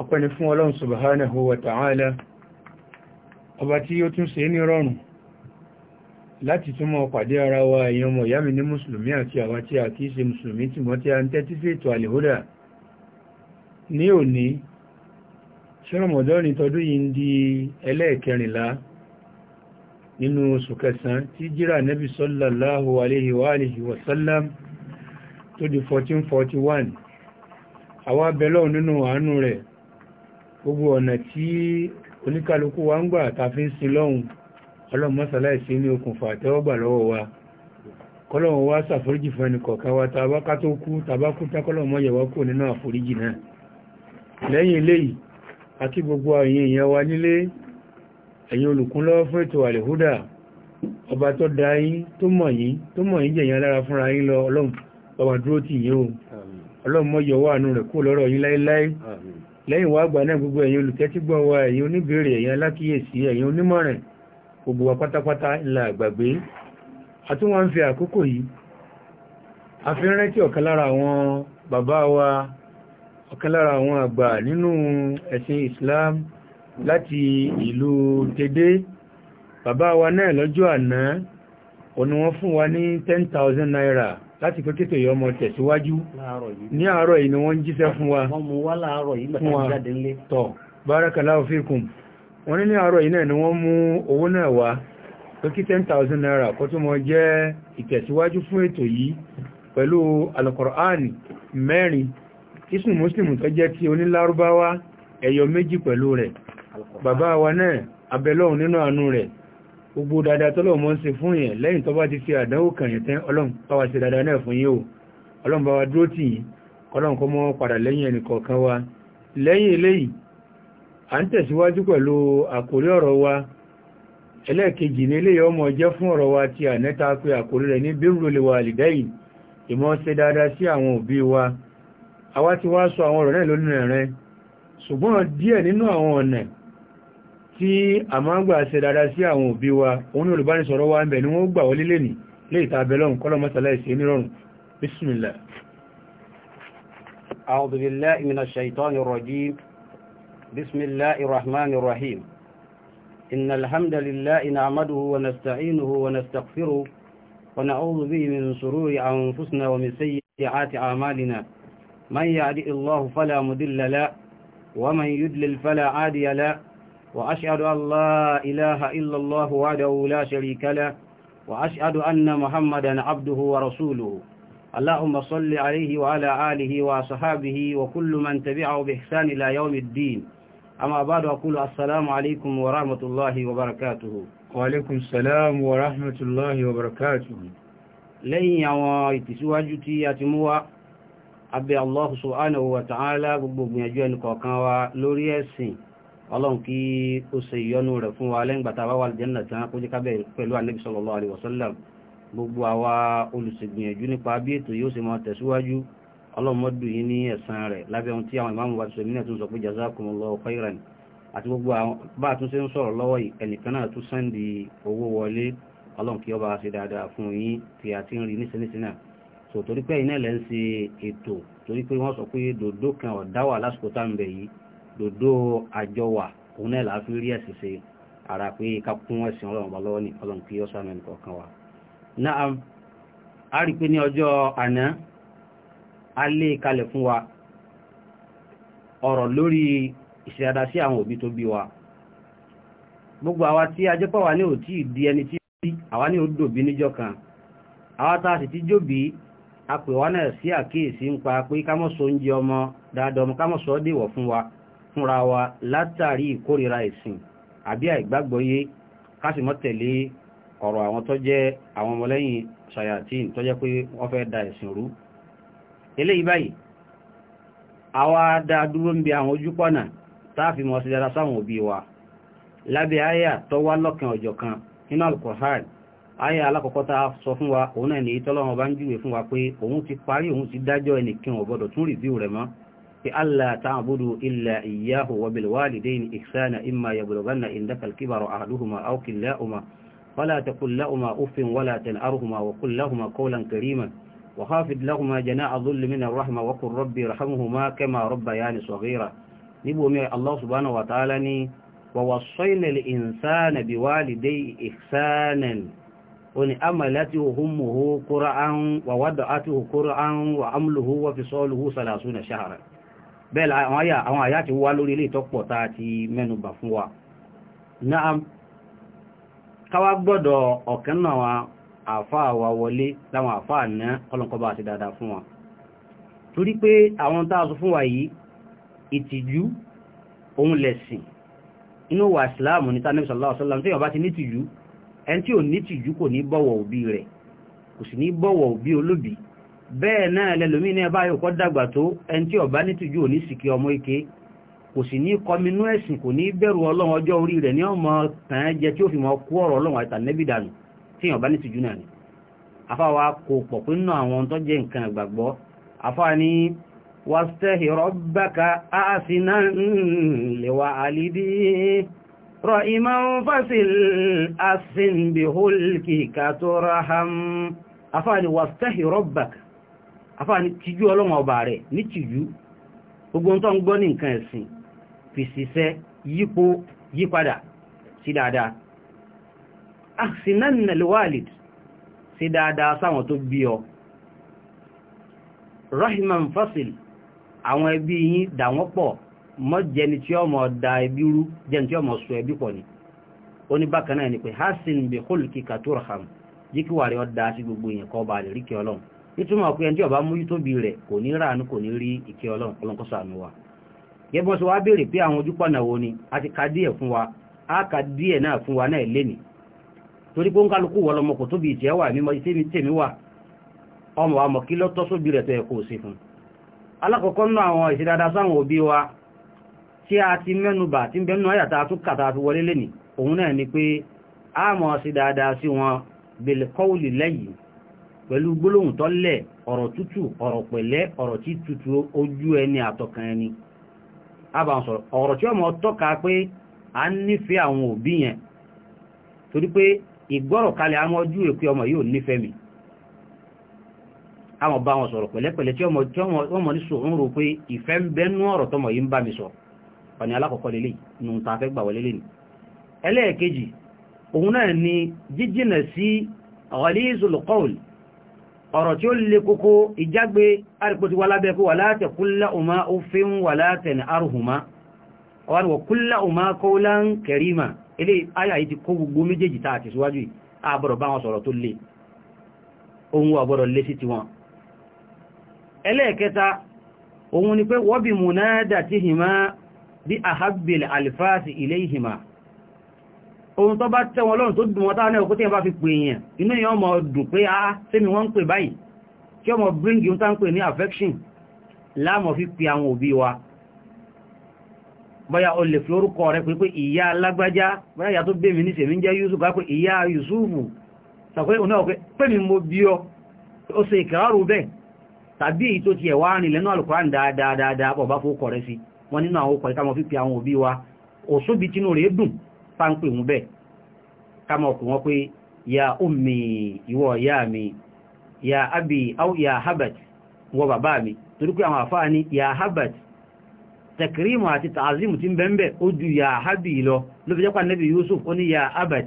ọpẹ́ ni fún ọlọ́run subhanahu wa ta'ala ọba tí ó tún ṣe ní rọrùn láti tún mọ́ pàdé ara wa èèyàn mọ̀ ìyá mi ní mùsùlùmí àti àwa tí a kìí ṣe mùsùlùmí tí mọ́ tí a ń tẹ́tí sí ètò àlèhódà ní òní ṣọ́rọ̀mọ̀dọ́rin tọdún yìí ń di ẹlẹ́ẹ̀kẹrìnlá nínú oṣù kẹsàn tí jíra nẹ́bí sallallahu alayhi wa alihi wa tó di 1441 àwa bẹ̀lọ́ nínú àánú rẹ̀ gbogbo ọ̀nà tí oníkálukú wa ń gbà tàfi ń sin lọ́hun ọlọ́mọ́sàláìsí ní okùnfà tẹ́wọ́gbà lọ́wọ́ wa kọ́lọ̀wọ́ wá ṣàforíjì fún ẹnì kọ̀ọ̀kan wa tàbá ká tó kú tàbá kú tákọ́lọ̀mọ́ yẹ̀wá kú nínú àforíjì náà lẹ́yìn eléyìí àti gbogbo ẹ̀yin èèyàn wa nílé ẹ̀yin olùkúnlọ́wọ́ fún ètò àlèhúdà ọba tó dá yín tó mọ̀ yín tó mọ̀ yín jẹ̀yàn lára fúnra yín lọ ọlọ́run bá wa dúró tì yín o ọlọ́run mọ́ yọwọ́ àánú rẹ̀ kú lọ́rọ̀ yín láéláé lẹ́yìn wá àgbà náà gbogbo ẹ̀yin olùtẹ́tígbọ́ wa ẹ̀yin oníbèrè ẹ̀yin alákíyèsí ẹ̀yin onímọ̀ràn gbogbo wa pátápátá ńlá àgbàgbé àtúnwà ń fi àkókò yìí a fi rántí ọ̀kan lára àwọn bàbá wa ọ̀kan lára àwọn àgbà nínú ẹ̀sìn Islam láti ìlú Tèdè bàbá wa náà lọ́jọ́ àná òní wọ́n fún wa ní thousand naira láti pé kétò yọ ọmọ tẹ̀síwájú ní àárọ̀ yìí ni wọ́n jíṣẹ́ fún wa fún wa tọ̀ barakallahu fikum wọ́n ní ní àárọ̀ yìí náà ni wọ́n mú owó náà wá pé kí 10,000 naira kó tó mọ jẹ́ ìtẹ̀síwájú fún ètò yìí pẹ̀lú alukọ̀rọ̀ánì mẹ́rin ismu muslim tó jẹ́ ti onílárúbáwá ẹ̀yọ méjì pẹ̀lú rẹ̀ bàbá wa náà abẹ́lọ́hun nínú àánú gbogbo dada tó mọ́ ń fún yẹn lẹ́yìn ti fi àdánwò kàn yẹn tán náà fún o wa dúró tì yín ọlọ́run mọ́ padà lẹ́yìn wa lẹ́yìn eléyìí à ń tẹ̀síwájú pẹ̀lú àkórí ọ̀rọ̀ wa ẹlẹ́ẹ̀kejì ní eléyìí fún ọ̀rọ̀ wa ti ànẹ́ta pé àkórí rẹ̀ ní bírúlẹ̀ sí àwọn wa tí a máa ń gbà ṣe dada sí àwọn òbí wa òun olùbánisọ̀rọ̀ wa ń bẹ̀ ni wọ́n gbà wọlé lè ní lè ìta abẹ́lọ́n kọ́lọ̀ mọ́sàláìsì nírọ̀rùn bísmìlá أعوذ بالله من الشيطان الرجيم بسم الله الرحمن الرحيم إن الحمد لله نعمده ونستعينه ونستغفره ونعوذ به من شرور أنفسنا ومن سيئات أعمالنا من يعدئ الله فلا مدل له ومن يدلل فلا عادي له وأشهد أن لا إله إلا الله وحده لا شريك له وأشهد أن محمدا عبده ورسوله اللهم صل عليه وعلى آله وصحابه وكل من تبعه بإحسان إلى يوم الدين أما بعد أقول السلام عليكم ورحمة الله وبركاته وعليكم السلام ورحمة الله وبركاته lẹ́yìn àwọn ìtìsíwájú tí a ti mú wá abẹ́ Allah subhanahu ọlọ́run kí ó ṣe ìyọnu rẹ̀ fún wa lẹ́yìn gbàtà wáwà aljanna tán kó jẹ́ kábẹ̀ pẹ̀lú ànábì sallallahu alaihi wasallam gbogbo àwa olùṣègbìyànjú nípa bí ètò yóò ṣe máa tẹ̀síwájú ọlọ́run mọ́dù yìí ní ẹ̀san rẹ̀ lábẹ́ ohun tí àwọn ìmáàmù wa ti sọ nílẹ̀ tó ń sọ pé jazakumullahu khairan àti gbogbo bá a tún ṣe ń sọ̀rọ̀ lọ́wọ́ ẹnìkan náà tún sẹ́ndì owó wọlé ọlọ́run kí dòdó àjọwà òun náà láti rí ẹ̀sì ṣe ara pé ká kún ẹ̀sìn ọlọ́run bá lọ́wọ́ ní ọlọ́run kí ó sàmì nìkọ̀ọ̀kan wa náà a rí pé ní ọjọ́ àná a lé kalẹ̀ fún wa ọ̀rọ̀ lórí ìṣẹ̀dá sí àwọn òbí tó bí wa gbogbo àwa tí a jẹ́ ní ò tí di ẹni tí àwa ní ò dòbí níjọ́ kan àwa tá a sì ti jóbi a pè wá náà sí àkíyèsí ń pa pé ká oúnjẹ ọmọ dáadáa ọmọ dèwọ̀ fún wa fúnra wa látàrí ìkórira ẹ̀sìn àbí àìgbàgbọ́yé ká sì má tẹ̀lé ọ̀rọ̀ àwọn tó jẹ́ àwọn ọmọlẹ́yìn ṣayatín tó jẹ́ pé wọ́n fẹ́ da ẹ̀sìn rú eléyìí báyìí àwa dá dúró ń bi àwọn ojúpọ̀nà táàfi mọ̀ sí dára sáwọn òbí wa lábẹ́ àyà tó wá lọ́kàn ọ̀jọ̀ kan nínú alukoran àyà alákọ̀ọ́kọ́ ta sọ fún wa òun náà ní tọ́lọ́wọ́n bá ń júwe fún wa pé òun ti parí òun ti dájọ́ ẹnìkan ò tún rìvíw rẹ̀ mọ́ بألا تعبدوا إلا إياه وبالوالدين إحسانا إما يبلغن عندك الكبر أهلهما أو كلاهما فلا تقل لهما أف ولا تنأرهما وقل لهما قولا كريما وخافض لهما جناء ظل من الرحمة وقل ربي رحمهما كما ربياني صغيرا نبو مير الله سبحانه وتعالى ووصينا الإنسان بوالدي إحسانا أن أملته همه قرآن ووضعته قرآن وعمله وفصاله ثلاثون شهرا bẹ́ẹ̀ àwọn àyá ti wá lórí ilé ìtọ́pọ̀ tá a ti mẹ́nubà fún wa náà káwá gbọ́dọ̀ ọ̀kan náà wa àfáà wa wọlé láwọn àfáà náà kọlọ̀kọba àti dáadáa fún wa torí pé àwọn tá a sọ fún wa yìí ìtìjú òun lẹ̀sìn inú wa ìsìláàmù ní tánẹ́bí bẹ́ẹ̀ náà lẹ́lòmí ní ẹbá yóò kọ́ dàgbà tó ẹn tí ọ̀bá ní tìjú ò ní sìkí ọmọ ike kò sì ní kọminú ẹ̀sìn kò ní bẹ̀rù ọlọ́run ọjọ́ orí rẹ̀ ní ọmọ tàn jẹ tí ó fi mọ́ kú ọ̀rọ̀ ọlọ́run àtànẹ́bì dànù tí ọ̀bá ní tìjú náà ni afáwa kò pọ̀ pé nínú àwọn tó jẹ́ nǹkan ìgbàgbọ́ afáwa ní wàstẹ́hì rọ́bàkà àásìnà lèwà àlídí rọ ìmọ̀ fásil àsìnbìhólkì afá ni tìjú ọlọ́wọ̀n ọba rẹ̀ ní tìjú gbogbo tó ń gbọ́ ní nǹkan ẹ̀sìn fi ṣiṣẹ́ yípo yípadà sí dáadáa ahsinan alwalid sí dáadáa sáwọn tó bí ọ rahiman fasil àwọn ẹbí yín dà pọ̀ mọ́ jẹni tí ọmọ da ẹbí rú jẹni tí ọmọ sọ ẹbí pọ̀ ni ó ní bákan ni pé hasin bi khulqika turham jíkíwàrí ọ dáa sí gbogbo èèyàn kọ́ bá lè ríkẹ́ ọlọ́run nítumọ̀ pé tí ọba mójú tóbi rẹ̀ kò ní ràánú kò ní rí ìkẹ́ ọlọ́run wa yẹ́bọ́n sọ wá pé àwọn ojúpọ̀nà wo ni a ti ka díẹ̀ fún wa a ka díẹ̀ náà fún wa náà torí pé ń kálukú wọ lọmọ kò tóbi ìtẹ́ wà mímọ mi wa kí ló tọ́ sóbi rẹ̀ tó yẹ kó o ṣe fún alákọ̀ọ́kọ́ nú àwọn sáwọn wa tí a ti mẹ́nubà tí ń kàtà fi wọlé òun náà wọn pẹ̀lú gbólóhùn tọ́lẹ̀ ọ̀rọ̀ tútù ọ̀rọ̀ pẹ̀lẹ́ ọ̀rọ̀ tí tútù ojú ẹni àtọkàn ẹni abànsọ̀rọ̀ ọ̀rọ̀ tí ọmọ tọ́ka pé a nífẹ̀ẹ́ àwọn òbí yẹn torí pé ìgbọ́rọ̀ kalẹ̀ àwọn ojú èkú ọmọ yóò nífẹ̀ẹ́ mi àwọn bá wọn sọ̀rọ̀ pẹ̀lẹ́pẹ̀lẹ́ tí ọmọ ní sọ ń rò pé ìfẹ́ ń bẹ́nú ọ̀rọ̀ tọmọ yìí ń bá mi sọ ọ̀nà alákọ̀ọ́kọ́ lélẹ̀ nù ta fẹ́ gbà wọlé lẹ́nu ẹlẹ́ẹ̀kejì òun náà ni jíjìnà sí ọ̀rẹ́lẹ́sọ̀lọ́kọ́ọ̀lì ọ̀rọ̀ tí ó lè kókó ìjágbé àrípòtí wà lábẹ́ kó wà látẹ̀ kúlá ọmọ òfin wà látẹ̀ ní arùhùmá wọ́n wọ́n kúlá ọmọ kọ́lá ń kẹrìmà ilé ayà yìí ti kó gbogbo méjèèjì tàà síwájú àbọ̀rọ̀ bá wọn ohun tó bá tẹ́ wọn tó dùn tí bá fi pé a ah, sẹ́mi wọ́n ń pè báyìí kí ọmọ bring you tá ń pè ní affection láàmọ̀ fi pe àwọn obi wa Baya o lè fi orúkọ pé pé ìyá alágbájá báyà ìyá tó bẹ́ mi jẹ́ Yusuf pé ìyá Yusufu pé mi ọ tàbí èyí tó ti ẹ̀wà lẹ́nu dáadáa sáńpè wọn bẹ́ẹ̀ kámọ̀ pè wọ́n pé ya ummi ìwọ ya mi ya abi au ya habat wọ bàbá mi torí àwọn àfáà ní ya habat tẹkìrìmù àti tààzìmù ti ń bẹ́ẹ̀ ju ya habi lọ ló fi jẹ́pà nẹ́bí yusuf ó ní ya habat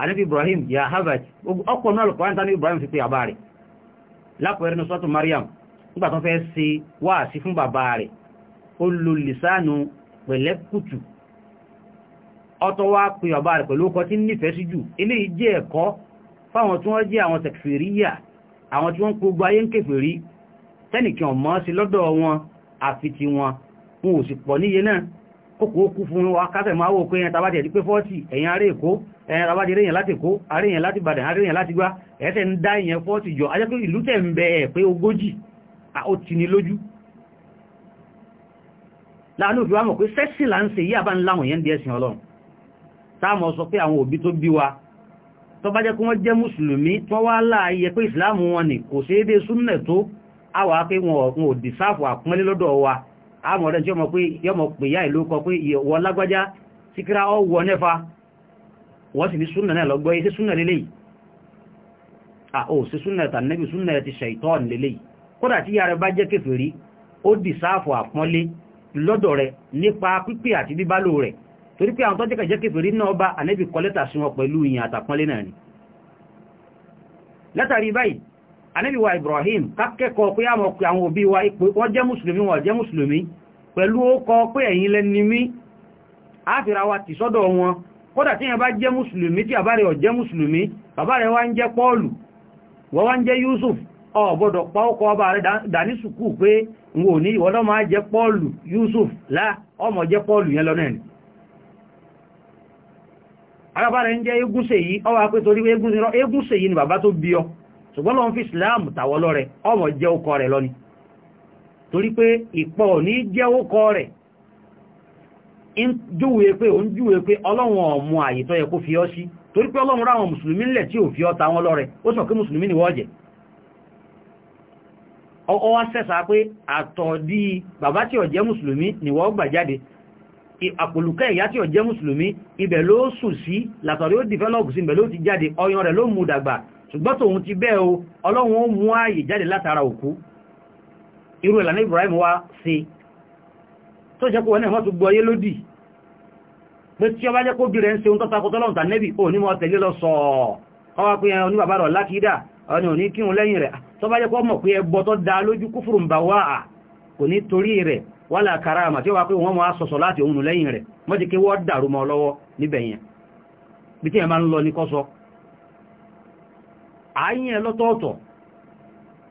ànábì ibrahim ya habat ọkọ̀ náà lọ́pọ̀ àǹtá ní ibrahim fi pé àbá rẹ̀ lápẹ̀ẹ́rẹ́ ní sọ́tún mariam nígbà tó fẹ́ ṣe wáàsí fún bàbá rẹ̀ ó lo lìsánù pẹ̀lẹ́kùtù ọtọ́ wá pín ọba rẹ̀ pẹ̀lú ọkọ̀ tí ń nífẹ̀ẹ́ sí jù eléyìí jẹ́ ẹ̀kọ́ fáwọn tí wọ́n jẹ́ àwọn tẹ̀kfìríyà àwọn tí wọ́n ń gbogbo ayé ń kèfèrí tẹ́nìkì ọmọ sí lọ́dọ̀ wọn àfi ti wọn wọn ò sì pọ̀ níye náà kókò kú fún wa káfẹ̀ máa wò pé ẹyẹn tàbátì ẹ̀dí pé 40 ẹ̀yìn aré èkó ẹ̀yìn tàbátì eréyìn láti òfin wa mọ̀ pé sẹ́sìn là ń ṣe yí àbá ńláwọ̀n yẹn ń di ẹ̀sìn Ọlọ́run táàmọ̀ sọ pé àwọn òbí tó bí wa tó bá jẹ́ kí wọ́n jẹ́ mùsùlùmí tó wá láàáyẹ pé ìsìláàmù wọn ni kò sí èdè súnnẹ̀ tó àwà pé wọn ò dìsáàfù àpọ́nlé lọ́dọ̀ wa àmọ̀ rẹ̀ tí yọmọ pè yá ìlú kọ pé ìwọ lágbájá síkírá ọ wọ nẹ́fà wọ́n sì ní súnnẹ̀ náà lọ́gbọ́ yìí torí pé àwọn tó jẹ́kẹ̀ jẹ́ kèfèrí náà bá ànẹ́bì kọ lẹ́tà wọn pẹ̀lú ìyìn àtàpọ́nlé náà ni látàrí báyìí ànẹ́bì wa Ibrahim kákẹ́kọ̀ọ́ pé àwọn ọkùnrin òbí wa ipò wọ́n jẹ́ musulmi wọ́n jẹ́ mùsùlùmí pẹ̀lú ókọ pé ẹ̀yin lẹ́ni mí wa ti sọ́dọ̀ wọn kódà tí je bá jẹ́ mùsùlùmí tí àbá rẹ̀ ò jẹ́ mùsùlùmí ń jẹ́ Pọ́ọ̀lù wọ́n wá ń jẹ́ Yusuf ọ̀bọ̀dọ̀ ọba rẹ̀ dání sùkú pé ò ní máa arábára ń jẹ́ egúnṣe yìí ọwà pé torí egúnṣe yìí ni bàbá tó bí ọ ṣùgbọ́n lọ́n fi islam tàwọ́ rẹ ọmọ jẹ́ ókọ rẹ̀ lọ́ni torí pé ìpọ̀ ní jẹ́ ókọ júwe pé o ń júwe pé ọlọ́run ọmọ àyè tó yẹ kó fi sí torí pé ọlọ́run ráwọn mùsùlùmí lẹ̀ tí ò fi ta wọn lọ́rẹ ó sọ pé mùsùlùmí ni wọ́n jẹ́ ọwọ́ sẹ́sà pé àtọ̀dí bàbá tí ò mùsùlùmí ni wọ́n gbà àpòlùkẹ́ ìyá tí ó jẹ́ mùsùlùmí ibẹ̀ ló sùn sí látọ̀rí ó dìfẹ́lọ́pù sí ibẹ̀ ló ti jáde ọyàn rẹ̀ ló mú dàgbà ṣùgbọ́n tòun ti bẹ́ẹ̀ o ọlọ́run ó mú ààyè jáde látara òkú irú ìlànà Ibrahim wá sí tó jẹ́ kó wọn náà wọ́n tún gbọ́ yé lódì pé tí ó bá jẹ́ kó bí rẹ̀ ń ṣe ohun tọ́takọ tọ́lọ́run tà nẹ́bì ò ní mọ́ tẹ̀lé lọ sọ ọ wá pé ẹni bàbá rọ̀ lákìídà ọ̀nà òní kírun lẹ́yìn rẹ̀ tó bá jẹ́ kó mọ̀ pé ẹbọ tó da lójú kúfùrù ń bà wá kò ní torí rẹ̀ wala karama tí wà pé wọ́n máa sọ̀sọ̀ láti òun lẹ́yìn rẹ̀ mọ́jí kí wọ́n dàrú mọ́ lọ́wọ́ níbẹ̀yẹn bí tí ẹ máa ń lọ ní kọ́sọ́ ààyìn ẹ lọ́tọ̀ọ̀tọ̀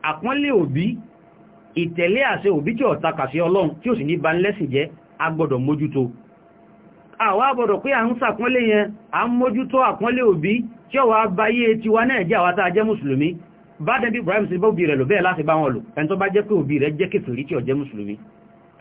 àpọ́nlé òbí ìtẹ̀lé àṣẹ òbí tí ọ̀ta kàfí ọlọ́run tí ò sì ní ba lẹ́sìn jẹ́ agbọ́dọ̀ mójútó àwa gbọ́dọ̀ pé à ń sàpọ́nlé yẹn à ń mójútó àpọ́nlé òbí tí ọwà bayé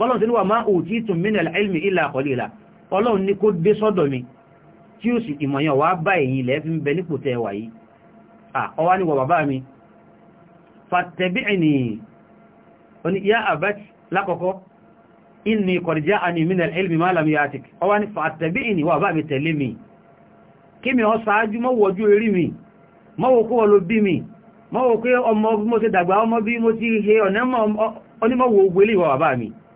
bọ́lọ̀ tí ní wà máa òtí tún mínà ilmi ilá àkọlìlá ọlọ́run ní kó dé sọ́dọ̀ mi tí ó sì ìmọ̀yàn wá bá ẹ̀yìn ilẹ̀ fi ń bẹ nípò tẹ wà yìí ọwá ní wà bàbá mi fàtẹ̀bíìnì oní ya àbájì lákọ̀ọ́kọ́ inni kọ̀rìjá àni mínà ilmi malam yatik ọwá ní fàtẹ̀bíìnì wà bá mi tẹ̀lé mi kí mi ọ sáájú mọ́wọ́jú orí mi mọ́wọ́ kó wọ́n bí mi mọ́wọ́ pé ọmọ bí mo ti dàgbà ọmọ bí mo ti he ọ̀nà onímọ̀wọ́ ogbélé ìwà bàbá mi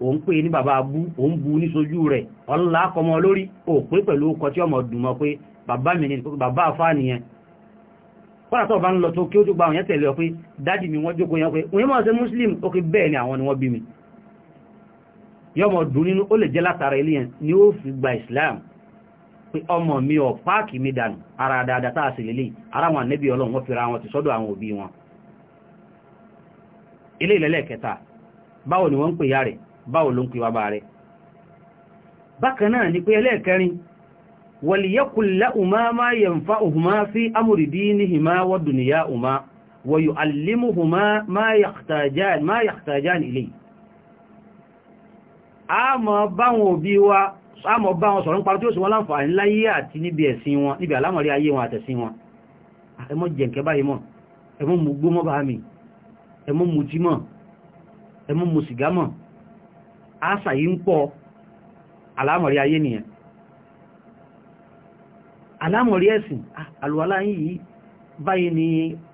òun pè ní bàbá abú òun bu ní sojú rẹ̀ ọlọ́lá akọmọ lórí ò pé pẹ̀lú ọkọ tí ọmọ dùnmọ́ pé bàbá mi ni bàbá àfáà nìyẹn kọ́nà bá ń lọ tó kí ó tó gba àwọn tẹ̀lé ọ pé mi wọ́n jókòó yẹn pé òun yẹn máa muslim ó kí bẹ́ẹ̀ ni àwọn ni wọ́n bí mi yọmọ dùn nínú ó lè jẹ́ látara ilé yẹn ni ó fi gba islam pé ọmọ mi ọ̀ páàkì mi dànù ara dáadáa tá a sì lélẹ̀ ara wọn ànẹ́bí ọlọ́run wọ́n fira wọn ti sọ́dọ̀ àwọn òbí wọn ilé ìlẹ́lẹ̀ kẹta báwo ni wọ́n ń pè ya rẹ̀ báwo ló ń pè bàbá rẹ̀ bákan náà ni pé ẹlẹ́ẹ̀kẹrin wàlìyẹ́kùnlá umá má yẹnfà òhùmá fi amùrìdí ní hìmá wọ́dùnìyà umá wọ̀yọ̀ alìmùhùmá má yàtàjáàn ilé a mọ̀ báwọn òbí wa a mọ̀ báwọn sọ̀rọ̀ ń parí tí ó sì wọ́n láǹfààní láyé àti níbi ẹmọ́ mú sìgá mọ̀ àṣà yìí ń pọ̀ alámọ̀rí ayé nìyẹn alámọ̀rí ẹ̀sìn àlùwàlá yìí báyìí ni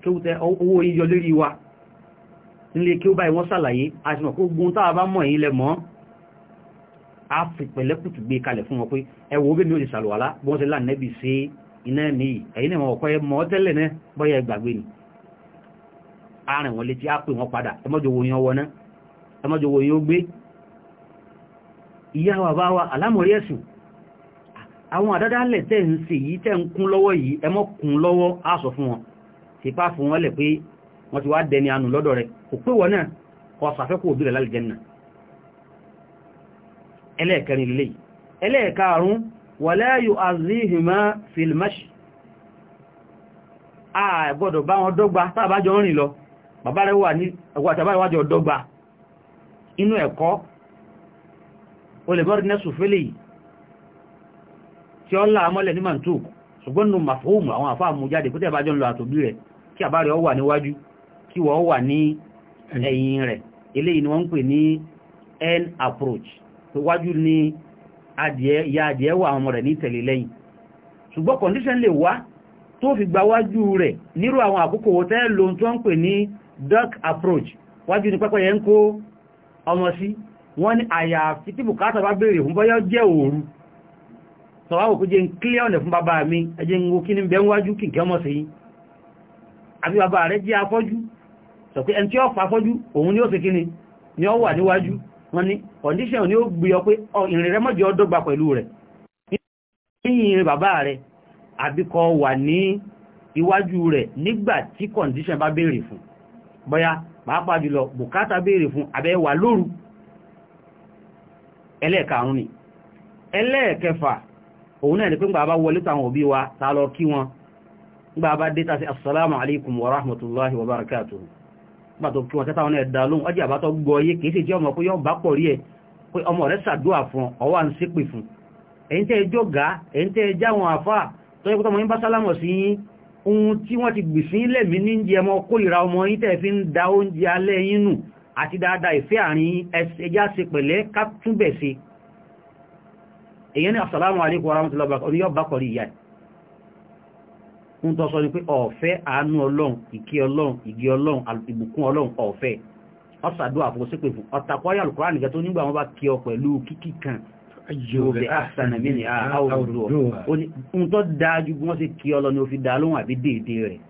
kéwútẹ owó yíyọ lérí wa nílé kí ó báyìí wọ́n sàlàyé àṣìmọ̀ kó gún tàà bá mọ̀ èyí lẹ mọ́ a fi pẹ̀lẹ́kùtù gbé kalẹ̀ fún wọn pé ẹwọ́ bí mi ò lè sàlùwàlá bọ́n ti láàrín sí iná ní ẹ̀yìn náà ọkọ̀ ẹ mọ́ tẹ́lẹ̀ náà bọ́yá ẹgbàgbé ni àárín wọn létí á pè wọn padà ẹmọ́jọ wo yan wọná ẹmọ́jọ wo yan ó gbé ìyá wa bá wa alámọ̀rí ẹ̀sùn àwọn àdádálẹ̀ tẹ́ ń ṣe yìí tẹ́ ń kún lọ́wọ́ yìí ẹ kún lọ́wọ́ fún wọn ti pá fún wọn lẹ̀ pé wọ́n ti wá dẹni anù lọ́dọ̀ rẹ̀ kò pé wọ́n náà kọ sàfẹ́kù òbí a wọn o lè bọ́rọ̀ nẹ́sù fẹ́lẹ̀ yìí tí ó ń láà mọ́lẹ̀ ní màntó ṣùgbọ́n nù mafóòmù àwọn àfáà mú jáde kó tẹ́bàjọ́ ń ẹ̀yìn rẹ̀ eléyìí ni wọ́n ń pè ní n approach tó wájú ní adìẹ ìyá adìẹ wà àwọn ọmọ rẹ̀ ní tẹ̀lé lẹ́yìn ṣùgbọ́n condition lè wá tó fi gba wájú rẹ̀ nírú àwọn àkókò tẹ́ lóhun tó ń pè ní duck approach wájú ní pẹ́pẹ́yẹ ń kó ọmọ sí wọ́n ní àyàfi tí bùkátà bá béèrè fún bọ́yọ́ jẹ́ òru sọ̀wáwò kó jẹ́ ń kílẹ̀ ọ̀nà fún bàbá mi ẹjẹ́ ń wo kí ní bẹ́ ń wájú kì kẹ́mọ̀ sí àbí bàbá rẹ̀ jẹ́ afọ́jú sọ pé tí ó fàfọ́jú òun ni ó sì kíni ni ó wà níwájú wọn ni condition ni ó gbé ọ pé ìrìn rẹ mọ́jọ dọ́gba wà ní condition bá béèrè fún bóyá pàápàá jùlọ bùkátà béèrè fún àbẹ́wà lóru ẹlẹ́ẹ̀karùn ni ẹlẹ́ẹ̀kẹfà òun náà ni pé gbàbá wọlé táwọn òbí wa ta lọ kí wọn gbàbá déta sí assalamu alaikum wa rahmatullahi wa barakatuhu gbàtọ̀ kí wọn tẹ́tàwọn ẹ̀dà lóhun ọjọ́ àbátọ́ gbọ́ yé kìí sì jẹ́ ọmọ pé yọ́ bá pọ̀ rí ẹ̀ pé ọmọ rẹ̀ sàdúà fún ọwọ́ à ń ṣépè fún ẹ̀yin tẹ́ ẹjọ́ ga ẹ̀yin tẹ́ ẹjá wọn ohun tí wọ́n ti gbìsín lẹ̀mí ní jẹ́ ọmọ kórìíra ọmọ yín tẹ́ fi ń da oúnjẹ alẹ́ yín àti dáadáa ìfẹ́ àárín ẹjá ṣe pẹ̀lẹ́ ká túnbẹ̀ ṣe èyí ni assalamu alaikum warahmatullahi wabarakatuh oníyọ́ bá kọ̀rí ìyá ń tọ́ sọ ní pé ọ̀fẹ́ àánú ọlọ́run ìkí ọlọ́run ìgí ọlọ́run ìbùkún ọlọ́run ọ̀fẹ́ ọ̀sàdúwà fún sípè fún ọ̀tàkọ́yà alùkọ́rá nìkan tó nígbà wọn bá kí ọ pẹ̀lú kíkì kan yóòbẹ̀ àṣànàmí ni àáwòrò ó ní ń tọ́ dáa ju bí wọ́n ṣe kí ọlọ́run ó fi dáa lóhùn àbí déédéé rẹ̀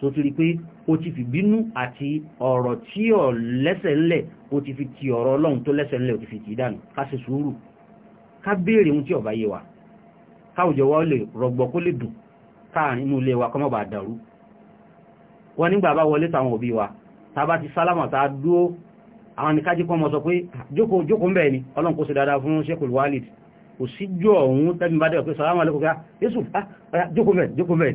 tó ti rí pé ó ti fi bínú àti ọ̀rọ̀ tí ò lẹ́sẹ̀ ńlẹ̀ ó ti fi ti ọ̀rọ̀ ọlọ́run tó lẹ́sẹ̀ ńlẹ̀ ó ti fi ti dànù ká ṣe sùúrù ká béèrè ohun tí ọ̀bá yé wa káwùjọ wa ó lè rọgbọ kó lè dùn káàrin inú ilé wa kọ́ mọ́ bá dàrú wọ́n nígbà bá wọlé tàwọn òbí wa tá bá ti sálámà tá dúó àwọn ni kájí pọ́mọ sọ pé ah, jókòó jókòó ń bẹ̀ ni ọlọ́run kó ṣe dáadáa fún Sheikhul Walid kò síjọ́ ọ̀hún tẹ́mi bá dẹ̀ pé sálámà lẹ́kọ̀ọ́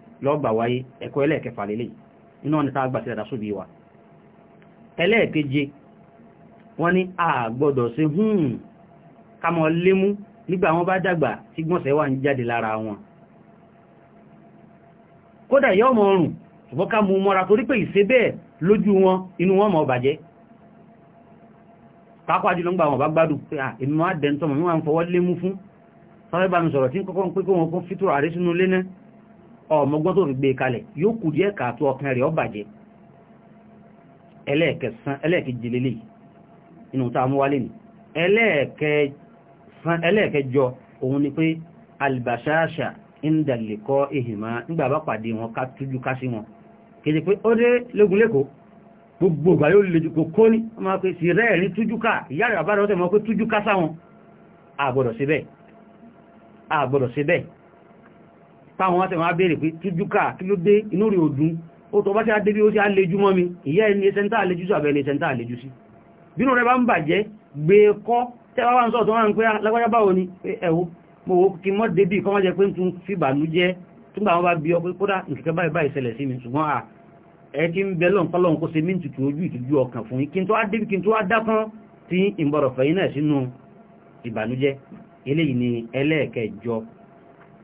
lọ́gbà wáyé ẹ̀kọ́ ẹlẹ́ẹ̀kẹfà lélẹ̀ iná ni tá a gbà sóbi wa ẹlẹ́ẹ̀keje wọ́n ní a gbọ́dọ̀ ṣe hùn kámọ́ lémú nígbà wọn bá dàgbà tí gbọ́nsẹ̀ wà ń jáde lára wọn kódà yọ́ mọ̀ ọrùn ṣùgbọ́n ká mú mọ́ra torí pé ìṣe bẹ́ẹ̀ lójú wọn inú wọn mọ̀ bàjẹ́ pàápàá jùlọ ń gbà ọmọgbọ́n tó fi gbé kalẹ̀ yóò kù díẹ̀ kààtó ọkàn rẹ̀ ọbàjẹ́ ẹlẹ́ẹ̀kẹsán ẹlẹ́ẹ̀kẹjìlélẹ̀ inú tá a mú wálé ni ẹlẹ́ẹ̀kẹjọ òun ni pé albashasha ń dàlẹ̀kọ́ ihìmá nígbà bá pàdé wọn ká tújú ká sí wọn kéde pé ó dé lógun lẹ́kọ̀ọ́ gbogbo ìgbà yóò lè jùkò kó ní ọmọ pé sì rẹ̀ ní tújú ká ìyá rẹ̀ àbára ọ̀tẹ̀ mọ́ táwọn wọ́n tẹ̀wọ́n bèèrè pé tújúkà kí ló dé inú rí òdún ó tọ́ bá ṣe adé bí ó ṣe àlejú mọ́ mi ìyá ẹni ẹsẹ̀ntà àlejú sí àbẹ̀lẹ̀ ẹsẹ̀ntà àlejú sí bínú rẹ bá ń bàjẹ́ gbé e kọ́ tẹ́wàá wà ń sọ̀tọ́ ah, mo wo kí mọ́ débì kọ́ wọ́n jẹ pé tún fi bànújẹ́ túnbà wọn bá bí ọ pé kódà nkẹ́kẹ́ báyìí báyìí ṣẹlẹ̀ sí mi ṣùgbọ́n à ah, ẹ kí ń bẹ lọ́nkọ́lọ́n kó se mí tutù n tó wá débì kí n ìbànújẹ́ eléyìí ni ẹlẹ́ẹ̀kẹjọ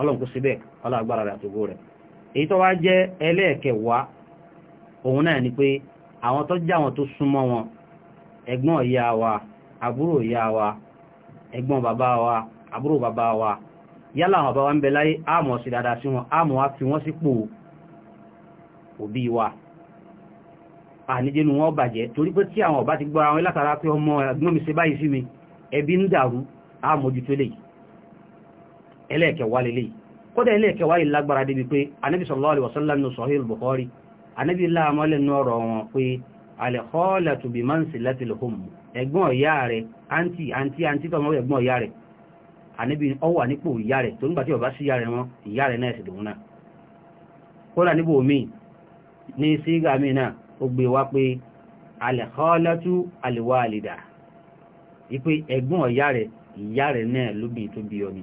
ọlọ́nkú síbẹ̀ ọlọ́gbára rẹ̀ àtògbò rẹ̀ èyí tó wá jẹ́ ẹlẹ́ẹ̀kẹwàá òun náà ni pé àwọn tó jẹ́ àwọn tó súnmọ́ wọn ẹ̀gbọ́n ìyá wa àbúrò ìyá wa ẹ̀gbọ́n bàbá wa àbúrò bàbá wa yálà àwọn bàbá wa ń bẹ láyé àmọ̀ sí dáadáa sí wọn àmọ̀ wá fi wọ́n sípò òbí wa àníjẹnu wọn bàjẹ́ torí pé tí àwọn ọba ti gbọ́ àwọn látara pé ọmọ ẹ̀gbọ́n mi ṣe báyìí sí mi ẹbí ń dàrú àmójútó lèyìí ẹlẹ́ẹ̀kẹwàá lélẹ̀ kódà ẹlẹ́ẹ̀kẹwàá yìí lágbára débi pé anábì sallallahu alaihi wasallam ní sahih al-bukhari anábì láàmọ́lẹ̀ ní ọ̀rọ̀ wọn pé al-khalatu bi manzilatil umm ẹ̀gbọ́n ìyá rẹ̀ àǹtí àǹtí àǹtí tọmọ ẹ̀gbọ́n ìyá rẹ̀ anábì ó wà nípò ìyá rẹ̀ tó nígbà tí ó bá sí ìyá rẹ̀ wọn sì lòun ìpé ẹ̀gbọ́n ìyá rẹ̀ ìyá rẹ̀ náà ló tó bí ọ ni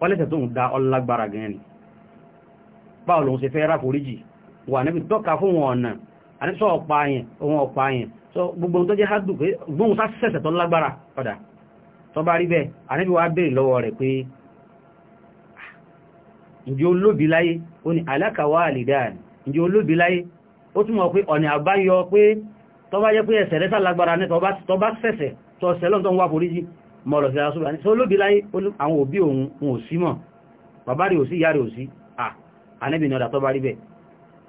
wálẹ́sẹ̀ tó ń da ọlágbára gan ni báwo lòun ṣe fẹ́ rá foríjì wà níbi tọ́ka fún wọn ọ̀nà àníṣọ́ ọ̀pá ohun ọ̀pá yẹn so gbogbo tó jẹ́ hádùn pé gbóhun sásẹ̀sẹ̀ tó lágbára padà tó bá rí bẹ́ẹ̀ àníbi wá béèrè lọ́wọ́ rẹ̀ pé ah, ǹjẹ́ olóbi láyé ó ní alákàwà àlìdáàn ǹjẹ́ olóbi láyé ó túnmọ̀ pé ọ̀nà àbáyọ pé tó bá mọ̀rọ̀ sí asúbà ní sólóbi láyé àwọn òbí òun wọn ò sí mọ̀ bàbá rí ò sí ìyá rí ò sí à anẹ́bìnrin ọ̀dà tó bá rí bẹ̀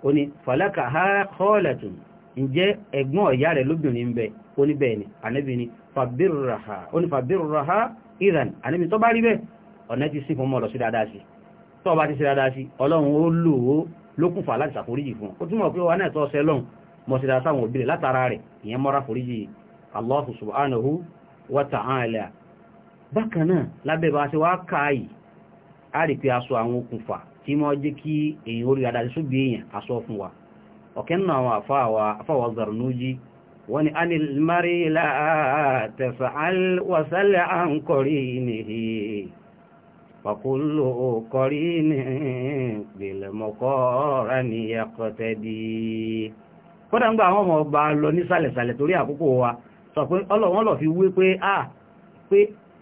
ó ní fàlákà kọ́ọ̀lẹ̀tùn ǹjẹ́ ẹ̀gbọ́n ọ̀yá rẹ̀ lóbìnrin ń bẹ ó ní bẹ́ẹ̀ ni anẹ́bìnrin fàbírùràhà ó ní fàbírùràhà ìràn anẹ́bìnrin tó bá rí bẹ̀ ọ̀nà ti sí fún mọ́rọ̀ sí dáadáa sí tó bá ti sí dáadáa sí ọlọ́run ó lò ó lókùnfà láti ṣàforíjì sáwọn òbí látara rẹ̀ ìyẹn mọ́ra foríjì Allah subhanahu wa ta'ala bákan náà lábẹ́ bá ṣe wá káàyì a rí pé aṣọ àwọn okùnfà tí wọ́n jẹ́ kí èyàn orí adájú sóbi èèyàn aṣọ fún wa ọ̀kẹ́ nínú àwọn àfáwà Zarnuji wọ́n ni anilmari látẹ̀sà alwasálẹ̀ à ń kọrí nìhì fàkúlò kọrí ní gbèlèmọ̀kọ́ rà ní ẹkọ̀tẹ́ bí kódà ń gba àwọn ọmọ ọba lọ ní sàlẹ̀sàlẹ̀ torí àkókò wa sọ pé ọlọ́wọ́n fi wé pé a ah,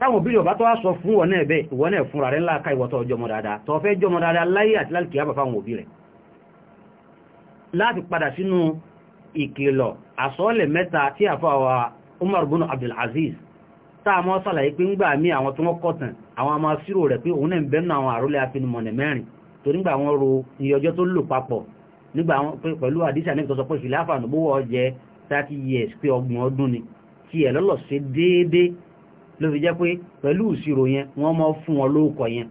táwọn òbí yorùbá tó wá sọ fún wọn náà bẹ́ẹ̀ ìwọ náà fúnra rẹ̀ ńlá ká ìwọ tó jọmọ dáadáa tó fẹ́ jọmọ dáadáa láyé àti láti kìí àbàfà àwọn òbí rẹ̀ láti padà sínú ìkìlọ̀ àsọ́ọ̀lẹ̀ mẹ́ta tí àfọwà Umar bin Abdul Aziz tá a mọ́ sàlàyé pé ń gbà mí àwọn tó wọ́n kọ̀tàn àwọn àmọ́ sírò rẹ̀ pé òun náà ń bẹ́nu àwọn àrólé afinimọ̀nà mẹ́rin tó nígbà wọn ro iye ọjọ́ tó lò papọ̀ nígbà pẹ̀lú àdísà ní ìtọ́sọ pé ìfìlẹ́ àfààní bó wọ́ 30 years pé ọgbọ̀n ọdún ni tí ẹ̀ lọ́lọ́ sí déédéé ló fi jẹ́ pé pẹ̀lú ìṣirò yẹn wọ́n mọ́ fún wọn lóòkọ̀ yẹn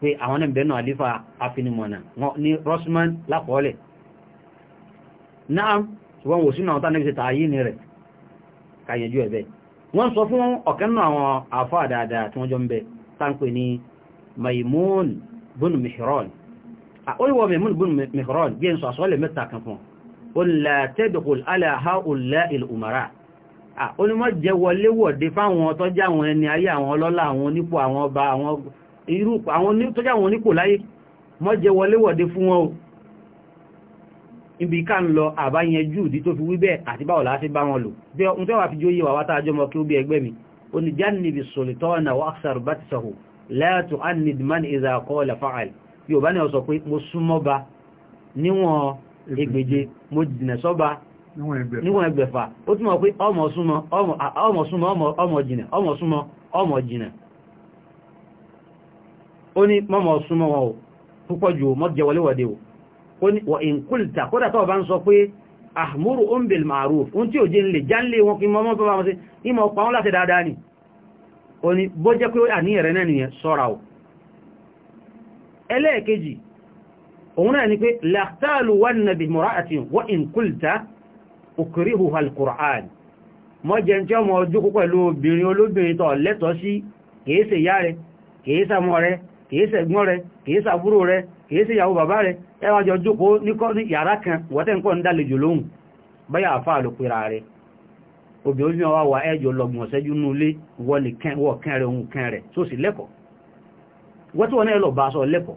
pé àwọn náà bẹ̀rẹ̀ náà àlífà afinimọ̀nà ní rosman lápọ̀ọ́lẹ̀ náà ṣùgbọ́n wò sínú àwọn tánàbí ṣe tààyí ní rẹ̀ kàyẹjú ẹ̀bẹ̀ wọ́n sọ fún ọ̀kẹ́nà àwọn àfọ́ àdáadáa tí wọ́n jọ ń bẹ táǹpẹ̀ ní maimun bin mihron àwọ́wọ́ maimun onímọ̀jẹ́ wọlé wọ̀dé fáwọn tọ́já àwọn ẹni ayé àwọn ọlọ́lá àwọn onípò àwọn ọba àwọn irú àwọn tọ́já àwọn onípò láyé mọ́jẹ́ wọlé wọ̀dé fún wọn o ibi ká ń lọ àbáyẹnjú ìdí tó fi wíbẹ̀ àti báwọ̀ láti bá wọn lò bí ohun tó wà fi jóyè wà wátá àjọmọ kí ó bí ẹgbẹ́ mi ó ní jánìbì sòlítọ́ọ̀nà wà sàrù bá níwọ̀n ẹgbẹ̀fà ó túnmọ̀ pé ọmọ súnmọ́ ọmọ jìnà ọmọ súnmọ́ ọmọ jìnà ó ní mọ́mọ̀ súnmọ́ wọn ò púpọ̀ jù mọ́jẹwọléwọ̀dé ò ó ní wọ ìkúlìtà kódà tó bá ń sọ pé àmúrù ó ń bil tí ò jẹ́ nílé jánlé wọn kí mọ́mọ́ bá wọn sí ìmọ̀ pa láti dáadáa ni ó ní bó jẹ́ pé àníyàn rẹ̀ náà nìyẹn sọ́ra ò ẹlẹ́ẹ̀kejì òun náà ni pé làtàlù wà nàbì mọ̀rá àti wọ́n ìkúlìtà ukrihuha al-Qur'an mọ́ jẹ tí ọmọ ojúkú pẹ̀lú obìnrin olóbìnrin tó lẹ́tọ̀ọ́ sí kèése ìyá rẹ̀ kèése ọmọ rẹ̀ kèése ẹ̀gbọ́n rẹ̀ kèése àbúrò bàbá rẹ̀ ẹwàjọ jókòó ní yàrá kan wọ́tẹ́ nǹkan lóhùn báyà wa ohun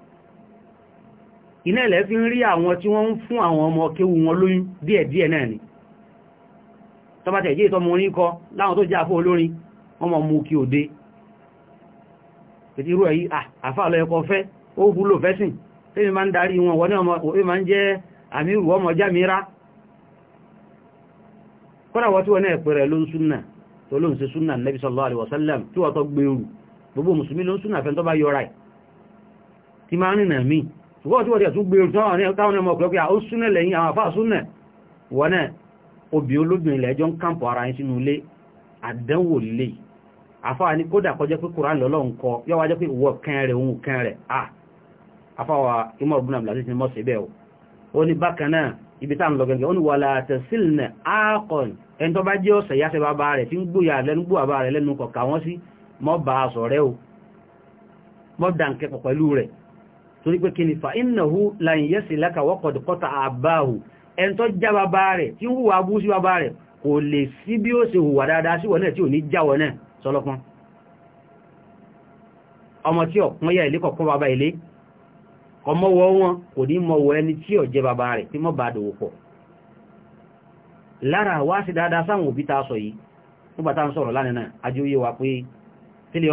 iná ilẹ̀ fi ń rí àwọn tí wọ́n ń fún àwọn ọmọ kéwú wọn lóyún díẹ̀díẹ̀ náà ni tọ́bátẹ̀ ìjẹ́ ìtọ́mọ orin kọ láwọn tó jẹ́ àfó olórin wọ́n mú kí òde pẹ̀tí irú ẹ̀yí àfà lọ fẹ́ ó wúlò fẹ́sìn tẹ́mi máa ń darí wọn wọ́n ní máa jẹ́ àmì ìrù máa ń rìnà míì ṣùgbọ́n tí wọ́n tẹ̀ tún gbèrò tán ní káwọn ọmọ ọ̀pẹ́ ah, ó súnẹ̀ lẹ́yìn àwọn àfáà súnẹ̀ wọ́n náà obì olóbìnrin lẹ́jọ́ ń kàmpọ̀ ara yín sínú ilé àdánwò lè àfáà ní kódà kọjẹ́ pé kòrán lọ́lọ́run kọ yọ́ wájẹ́ pé ìwọ kẹ́ rẹ̀ òun kẹ́ rẹ̀ à ah, àfáà imọ̀ ọ̀gbìn àbìlàsí ti mọ́ sí bẹ́ẹ̀ ó ní bákan náà ibi táà ń lọ torí pé kí ni fa innahu la yasilaka wa qad qata'a abahu ẹn tó já bàbá rẹ̀ tí ń hùwà bú sí bàbá rẹ̀ kò lè sí bí ó ṣe hùwà dáadáa sí wọ́n náà tí ò ní jáwọ́ náà sọlọ́pọ́n ọmọ tí ọ̀pọ̀ yà ilé kọ̀kọ́ bàbá ilé kọmọ́wọ́ wọn kò ní mọ̀wọ́ ẹni tí ò jẹ bàbá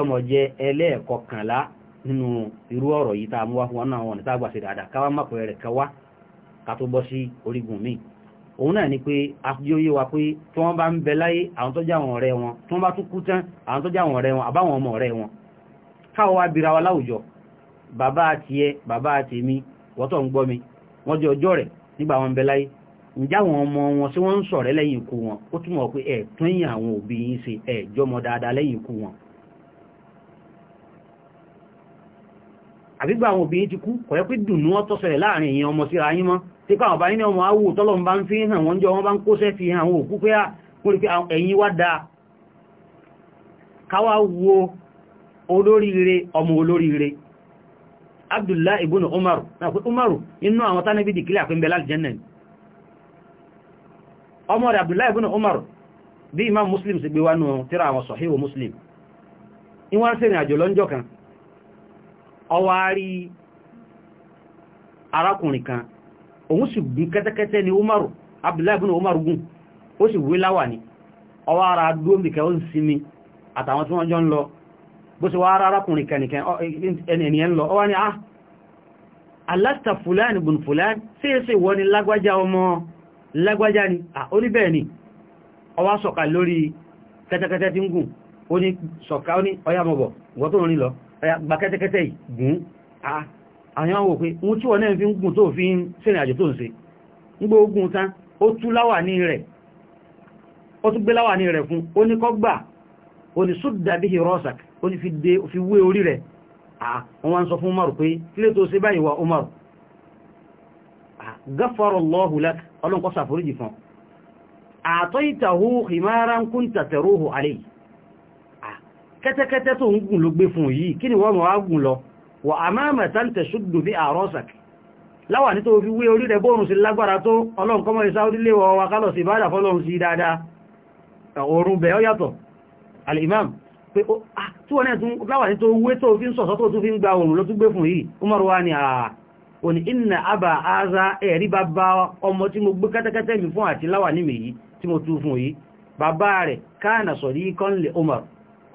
ọmọ jẹ ẹlẹ́ẹ̀kọkànlá nínú irú ọ̀rọ̀ yìí tá a mú na fún wọn náà wọn ní tágbà sí dáadáa káwá má pẹ̀rẹ̀ káwá ká tó bọ́ sí orígun pé wa pé tí wọ́n bá ń bẹ láyé àwọn tó jáwọn ọ̀rẹ́ wọn tí wọ́n bá tún kú tán àwọn tó jáwọn wọn àbáwọn ọmọ ọ̀rẹ́ wọn káwọ́ wa bira wa láwùjọ bàbá àti bàbá mi ń gbọ́ mi wọ́n jẹ́ ọjọ́ rẹ̀ nígbà wọn bẹ láyé ǹjẹ́ àwọn ọmọ wọn sí wọ́n ń sọ̀rẹ́ wọn ó túmọ̀ pé ẹ̀ tún yìn àbígbà àwọn obìnrin ti kú kọ̀yẹ́ pé dùnú ọ́ tọ́sẹ̀rẹ̀ láàrin èèyàn ọmọ síra yín mọ́ tí pé àwọn báyín ọmọ awò tọ́lọ́m bá ń fi hàn wọ́n jọ wọ́n bá ń kóṣẹ́ fi hàn òkú pé wọ́n ah, rí pé ẹ̀yìn wá dáa káwá wo olóríire ọmọ olóríire Abdullah ibn àwọn ọwọ́ àárí arákùnrin kan òun sì gún kẹ́tẹ́kẹ́tẹ́ ni umaru abdullahi ibn umaru gún ó sì wé láwà ní ọwọ́ ara dómìkẹ́ ó ń sinmi àtàwọn tí wọ́n jọ ń lọ bó sì wá ara arákùnrin kẹ́nìkẹ́ ẹnìyàn lọ ọwọ́ ni ah alasta fulani bun fulani sí èsì wọ́n ni lágbájá ọmọ lágbájá ni oníbẹ̀ẹ̀ ni ọwá sọ̀kà lórí kẹ́tẹ́kẹ́tẹ́ tí ń gùn ó ní sọ̀kà ó ní ọyá mọ̀bọ̀ wọ́n tó rìn lọ gba kẹ́tẹ́kẹ́tẹ́ gùn àyàn wò pé wọ́n tí wọ́n náà fi ń gùn tó fi ń sẹ́rìn àjò tó ń ṣe nígbó ogun tán ó tú láwà ní rẹ̀ ó tún gbé láwà ní rẹ̀ fún ó ní kọ́ gbà ó ní sódà bí i rọ́sàk ó ní fi dé fi wé orí rẹ̀ àwọn sọ fún Umaru pé kílé tó ṣe báyìí wa Umaru gafarallahu lak ọlọ́nkọ́ fún àtọ́ ìtàhú himaran kún kẹ́tẹ́kẹ́tẹ́ tó ń gùn ló gbé fún yìí kí ni wọ́n mọ̀ á gùn lọ wà á máa mẹ́ta ń tẹ̀ṣùdù bí àrọ́sàkì láwà ní tó fi wé orí rẹ̀ bóòrùn sí lágbára tó ọlọ́run kọ́mọ́ isá orílẹ̀ al'imam pé tí wọ́n ẹ̀tún láwà ní tó wé tó fi ń sọ̀sọ́ tó inna abba aza ẹ̀rí bàbá ọmọ tí mo gbé kẹ́tẹ́kẹ́tẹ́ mi fún àti láwà ní mi yìí tí mo tú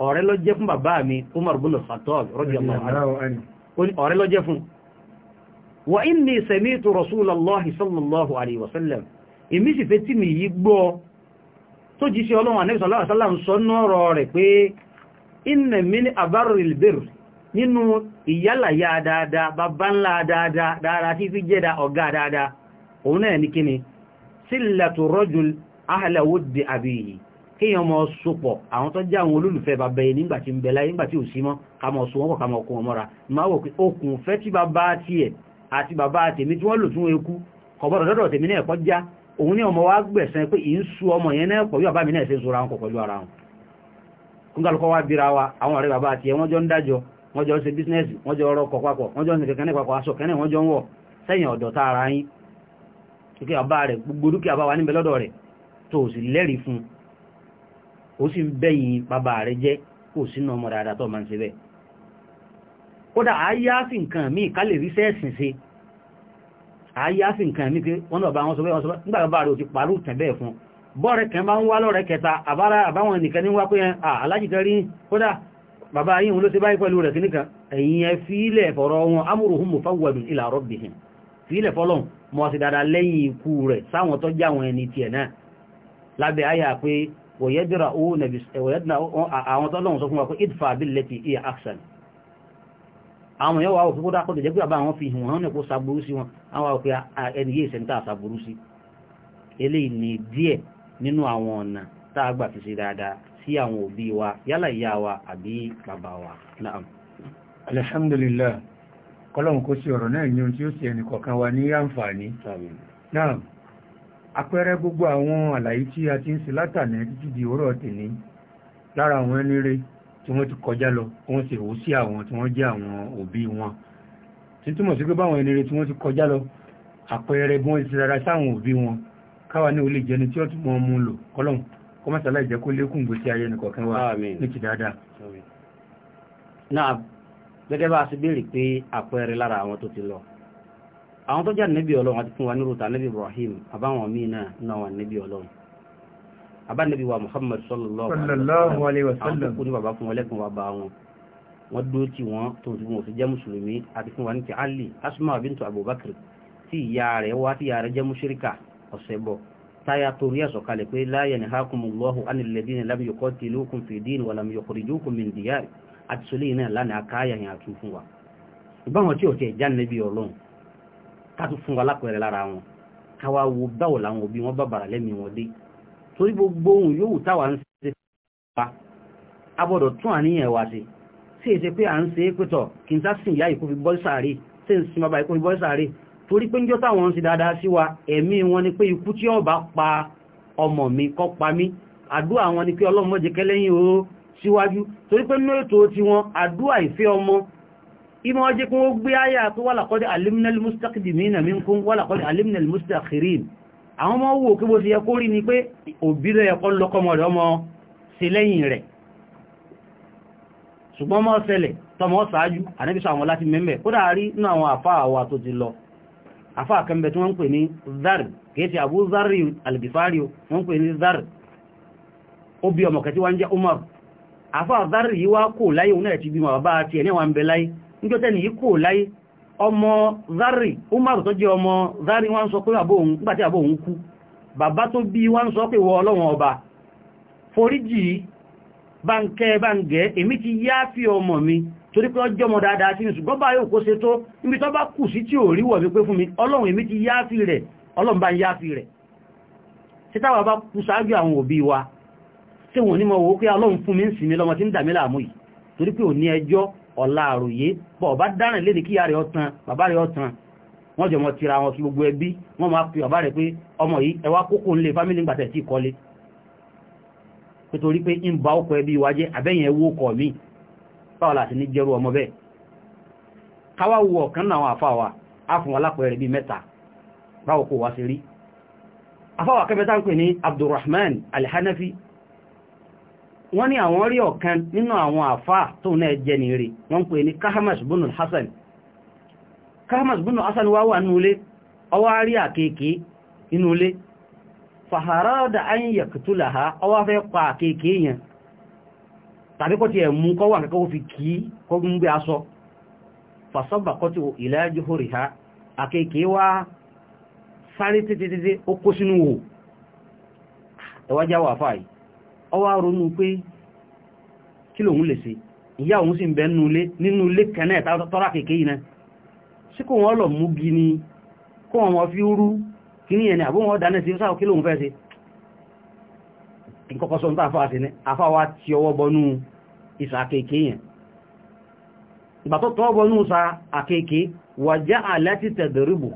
ọ̀rẹ́ ló jẹ́ fún bàbá mi Umar bin Khattab radiyallahu anhu ọ̀rẹ́ ló jẹ́ fún wa inni sami'tu Rasulullah sallallahu alaihi wasallam èmi sì fẹ́ tí mi yí gbọ́ tó jí sí ọlọ́run Ànábì sallallahu alaihi wasallam sọ nọ́rọ̀ rẹ̀ pé inna min abarril birr nínú ìyálàyà dáadáa bàbá ńlá dáadáa dáadáa tí fi jẹ́dá ọ̀gá dáadáa òun kéèyàn mọ sopọ̀ àwọn tó jẹ́ àwọn olólùfẹ́ bàbá yìí nígbà tí ń bẹ láyé nígbà tí ò sí mọ́ ká mọ̀ so wọ́n pọ̀ ká mọ̀ okun ọmọra máa wò pé okùn fẹ́ tí bàbá tiẹ̀ àti bàbá tèmi tí wọ́n lò tún eku kọ̀bọ̀dọ̀ dọ́dọ̀ tèmi náà kọ́ já òun ní ọmọ wa gbẹ̀sán pé ì ń su ọmọ yẹn náà pọ̀ bí bàbá mi náà ṣe ń sora wọn lẹ́rìí fún un ó sì ń bẹ́yìn bàbá rẹ̀ jẹ́ kò sínú ọmọ dáadáa tó máa ń ṣe bẹ́ẹ̀ kódà àáyáàfì nǹkan míì ká lè rí sẹ́ẹ̀sìn ṣe àáyáàfì nǹkan míì pé wọ́n náà bá wọn sọ bẹ́ẹ̀ wọ́n sọ bẹ́ẹ̀ nígbà bàbá rẹ̀ ò ti pàrú ìtàn bẹ́ẹ̀ fún bọ́ọ̀rẹ́ kan bá ń wá lọ́rẹ́ kẹta àbáwọn nìkan ní wá pé alájìkan rí kódà bàbá yìí ló ṣe báyìí pẹ̀lú rẹ̀ kíníkan ẹ̀yìn ẹ fílẹ̀ fọ̀rọ̀ wọn amúrùhún mú fáwọ̀dùn ila rabbihim fílẹ̀ fọ́lọ̀ mọ́ sí dáadáa lẹ́yìn ikú rẹ̀ sáwọn tó jáwọn ẹni tiẹ̀ náà lábẹ́ àyà pé wọ̀yẹ́dìrà ó nàbí wọ̀yẹ́dìrà àwọn tọ́lọ́run sọ fún wa pé idfa billati iya ahsan àwọn yẹ́wà àwọn òfin kó dákọ̀ tẹ̀jẹ́ pé àbá àwọn fi hùn hàn kó sàbúrú sí wọn àwọn àwọn ẹni yé ìsẹ̀ntà sàbúrú sí eléyìí ni díẹ̀ nínú àwọn ọ̀nà tá naam àpẹẹrẹ gbogbo àwọn àlàyé tí a ti ń ṣe látàní títí di òwúrọ̀ tèní lára àwọn ẹni rere tí wọ́n ti kọjá lọ wọ́n sì hù sí àwọn tí wọ́n jẹ́ àwọn òbí wọn títúmọ̀ sí pé báwọn ẹni rere tí wọ́n ti kọjá lọ àpẹẹrẹ bí wọ́n ti rárá sáwọn òbí wọn káwa ní olè jẹni tí ó tún mọ́ mú lò kọ́lọ́n kọ́mọ́sálà ìjẹ́ kó lékún gbèsè ayé nìkọ̀ọ̀kan wa ní ti dáadáa. náà gẹ́gẹ́ bá a ti béèrè pé àpẹẹrẹ lára àwọn tó ti lọ àwọn tó jẹ́ nẹ́bí ọlọ́run àti fún wa ní rúta nẹ́bí Ibrahim àbáwọn míì náà náà wà nẹ́bí ọlọ́run àbá nẹ́bí wa Muhammad sallallahu alaihi wasallam àwọn tó kú ní bàbá fún wọn lẹ́kùn wa bá wọn wọ́n dúró tí wọ́n tó ti wọ́n fi jẹ́ mùsùlùmí àti fún wa ní ti Ali Asma bintu Abubakar tí ìyá rẹ̀ wá tí ìyá rẹ̀ jẹ́ mùṣírikà ọ̀sẹ̀ bọ̀ táyà torí ẹ̀sọ̀ kalẹ̀ pé la yanhakumullahu anil ladina lam yuqatilukum fi din lánàá káyà yẹn àtún fún wa ìbáwọn tí ò tẹ̀ já nẹ́bí ọlọ́run ká tún fún wa lápẹẹrẹ lára wọn káwa wo báwo làwọn òbí wọn bá bàrà lẹ́mìí wọn dé torí gbogbo ohun yóò táwa ń ṣe pa abọ́dọ̀ tún àníyàn wa ṣe sí èsẹ pé à ń ṣe é pẹ́tọ̀ kí n sá sìn ìyá ìkó bọ́ sàárè sí ń sin bàbá ìkó bọ́ sàárè torí pé níjọ́ táwọn ń ṣe dáadáa sí wa ẹ̀mí wọn ni pé ikú tí ọba pa ọmọ mi kọ́ pa mí àdúrà wọn ni pé ọlọ́mọ jẹ́ kẹ́lẹ́yìn oró síwájú torí pé nínú ètò tiwọn àdúrà ìfẹ́ ọmọ ìmọ̀ ọjẹ́ kí wọ́n gbé ayé àti wàlàkọ́dẹ̀ alimnal mustaqdimina minkum wàlàkọ́dẹ̀ alimnal mustakhirin àwọn ọmọ wò kí bó ti yẹ kó rí ni pé òbí rẹ̀ ẹ̀kọ́ lọ́kọ́mọ̀ rẹ̀ ọmọ sí lẹ́yìn rẹ̀ ṣùgbọ́n mọ́ ṣẹlẹ̀ tọmọ ṣáájú ànẹ́bíṣà àwọn láti mẹ́mẹ́ kó dáàrí ní àwọn àfáà wa tó ti lọ àfáà kẹ́mbẹ̀ tí wọ́n ń pè ní zar kèéṣe àbú zari alìbìfárí wọ́n ń pè ní láyé níjọ́ tẹ́ni yìí kò láyé ọmọ zari umaru tó jẹ́ ọmọ zari wọ́n sọ pé àbò òun nígbàtí àbò òun kú bàbá tó bí wọ́n sọ pé wọ ọlọ́wọ̀n ọba foríjì báńkẹ́ báńgẹ́ èmi ti yá fi ọmọ mi torí pé ọjọ́ mọ̀ dáadáa sí ṣùgbọ́n bá yóò kó se tó níbi tó bá kù sí tí ò rí wọ̀ wípé fún mi ọlọ́run èmi ti yá fi rẹ̀ ọlọ́run bá ń yá fi rẹ̀ tí táwà bá kú sáájú àwọn òbí wa tí wọ́n ní mọ̀ wó pé ọlọ́run fún mi ń sinmi lọ́mọ tí ń dàmí láàmú yìí torí pé ò ní ẹjọ́ ọ̀la àròyé bọ̀ bá dáràn lè ní kí ìyá rẹ̀ ọ̀tàn bàbá rẹ̀ ọ̀tàn wọ́n jọ mọ́ tira wọn kí gbogbo ẹbí wọ́n máa fi bàbá rẹ̀ pé ọmọ yìí ẹwà kókó ń lè fámílì ń gbàtẹ̀ tí kọ́lé nítorí pé ń ba ọkọ̀ ẹbí wa jẹ́ àbẹ́yìn ẹwú ọkọ̀ mi báwọn láti ní jẹ́rú ọmọ bẹ́ẹ̀ káwá wo ọ̀kan náà àfa wa á fún wa lápẹẹrẹ bíi mẹ́ta báwo kò wá sí rí afáwà kẹfẹ́ tá ní Abdulrahman Al-Hanafi wọ́n ní àwọn rí ọ̀kan nínú àwọn àfá tó náà jẹ́ ní rí wọ́n pè ní bunu hassan kahmas bunu hassan wá wà nínú ọwá rí àkèké inú da ha ọwá fẹ́ pa àkèké yẹn tàbí kọ́ ti ẹ̀ mú kẹ́kọ́ fi kí kọ́ ń ila ọwá ronú pé kí lòun lè ṣe ìyá òun sì ń bẹ nínú ilé kẹ́nẹ̀ tọ́rà kèké yìí náà sí kò wọ́n lọ mú bí ni kó wọn fi rú kí ní ẹni àbúwọn dáná sí sáà kí lòun fẹ́ ṣe ìkọ́kọ́ sọ nípa àfáà sí ní àfáà ti ọwọ́ bọnú ìsà kèké yẹn ìgbà sa àkèké wàjá àláti tẹ̀dẹ̀rìbù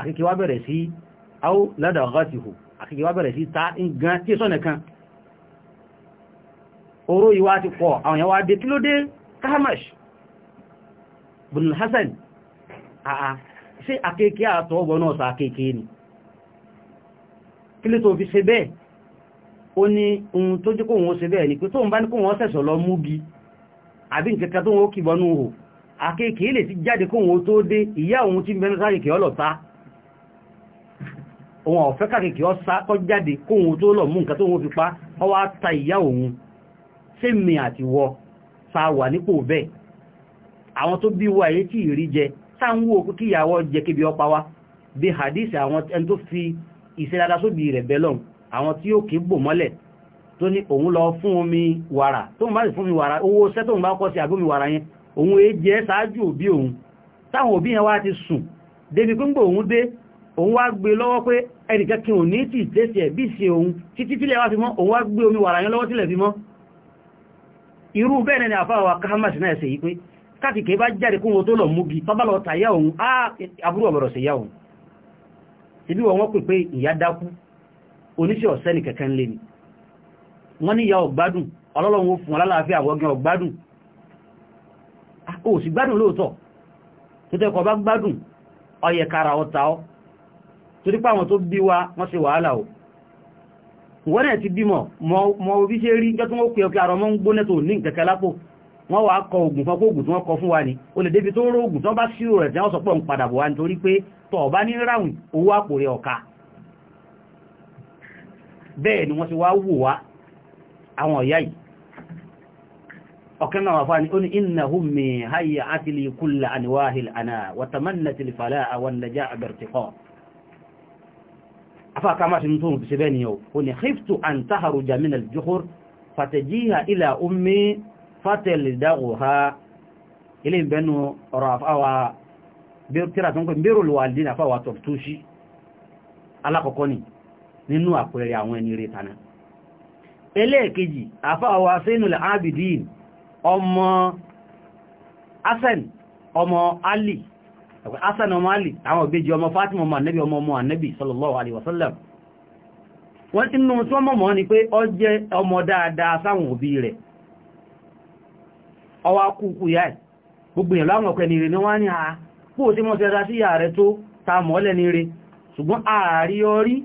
àkèké wá bẹ̀rẹ̀ sí áó ládàgátìhù àkèké wá bẹ̀rẹ̀ sí ta ń gan tí sọ́nà kan oró ìwá ti pọ̀ àwọn èèyàn wá dé kí ló dé kamash bin hassan àà sí akéèké àtọ́ ọgbọ̀n náà akéèké ni kí ló tó fi ṣe bẹ́ẹ̀ ó ní ohun tó jẹ́ kóhun ó ṣe bẹ́ẹ̀ ni pé tóhun bá ní kóhun ó sẹ̀sọ̀ lọ mú bí àbí nkẹta tóhun ó kìbọnú hù akéèké lè ti jáde kóhun ó tó dé ìyá òun ti bẹnu sáàkèké ọlọ́ta òun ọ̀fẹ́ kàkèké ọ sá kọ́ jáde kóhun ó tó lọ mú nǹkan tóhun ó fi pa ọwọ́ ta ìyá òun sẹ́mi àti wọ sa wà nípò bẹ́ẹ̀ àwọn tó bí wa èyí tí ìrí jẹ sáwọn òkú kí ìyàwó jẹ kébi ọpa wa bí hadith àwọn ẹni tó fi ìṣẹ́dada sóbi rẹ̀ bẹ́lọ̀n àwọn tí ó kì í bò mọ́lẹ̀ tó ní òun lọ fún omi wàrà tó ń bá sì fún mi wàrà owó ṣẹ́ tó ń bá kọ́ sí àbí wàrà yẹn òun èé jẹ́ ṣáájú òbí òun táwọn òbí yẹn wá ti sùn débi pínpò òun dé òun wá gbé lọ́wọ́ pé ẹnìkan kí òun ní tí ìtẹ́sẹ̀ bí ṣe òun títí tílẹ̀ wá fi mọ́ òun wá gbé omi wàrà yẹn lọ́wọ́ tílẹ̀ fi mọ́ irú bẹ́ẹ̀ ni àfáwà káhámàsì náà ṣe yí pé káàkiri bá jáde kún o tó lọ múgi tọ́bálọ̀ tàyà òun á àbúrò ọ̀bọ̀rọ̀ sí yà òun ibi wọn pè pé ìyá dákú oníṣẹ́ ọ̀sẹ́ ni kẹ̀kẹ́ ń lè ní wọ́n ní ìyá ọ̀gbádùn ọlọ́lọ́wọ́ fún alálàáfíà àwọ̀gán ọ̀gbádùn ó sì gbádùn lóòótọ́ tó wọ́n náà ti bímọ mọ orí ṣe rí jẹ́ tó wọ́n pè ọkẹ́ àrọ mọ́ ń gbóná tó ní ìkẹ́kẹ́ lápò wọ́n wá kọ oògùn fún oògùn tí wọ́n kọ fún wa ni o lè débi tó rọ oògùn tó bá ṣírò rẹ̀ tí wọ́n ń padà bọ̀ wá nítorí pé tọ̀ ní ráhùn owó àpò ọ̀ka bẹ́ẹ̀ ni wọ́n ti wá wò wá àwọn ọ̀yá yìí ọ̀kan náà wà fáni ó ní iná hùmí hayya atili kulla anwahil ana wàtàmánà tìlìfàlà àwọn nàjà àbẹ̀rẹ̀tìkọ́ afáàká máa ṣe ní tóhun ṣe bẹ́ẹ̀ ni yau o ni khiftu an taharu jamina al-juhur fatajiha ila ummi fatalidaguha ilé ìbẹnu ọ̀rọ̀ àfáwà tíra tó ń pè bẹ́rù lùwàlì àfáwà tọ̀túṣí alákọ̀ọ́kọ́ ni nínú àpẹẹrẹ àwọn ẹni rẹ̀ tánà ẹlẹ́ẹ̀kejì àfáwà Zainul Abidin ọmọ Hasan ọmọ Ali akwai ọmọ alì àwọn ògbéjì ọmọ fatima ọmọ annabi ọmọ ọmọ annabi sallallahu alaihi wasallam wọ́n tí nínú tí wọ́n ni pé ọ jẹ́ ọmọ dáadáa sáwọn òbí rẹ̀ ọwá kúkú yá ẹ̀ gbogbo èèyàn láwọn ọ̀pẹ́ nire ní wá ní àá kú ò sí mọ́ sí yà tó ta mọ́lẹ̀ nire ṣùgbọ́n ààrí orí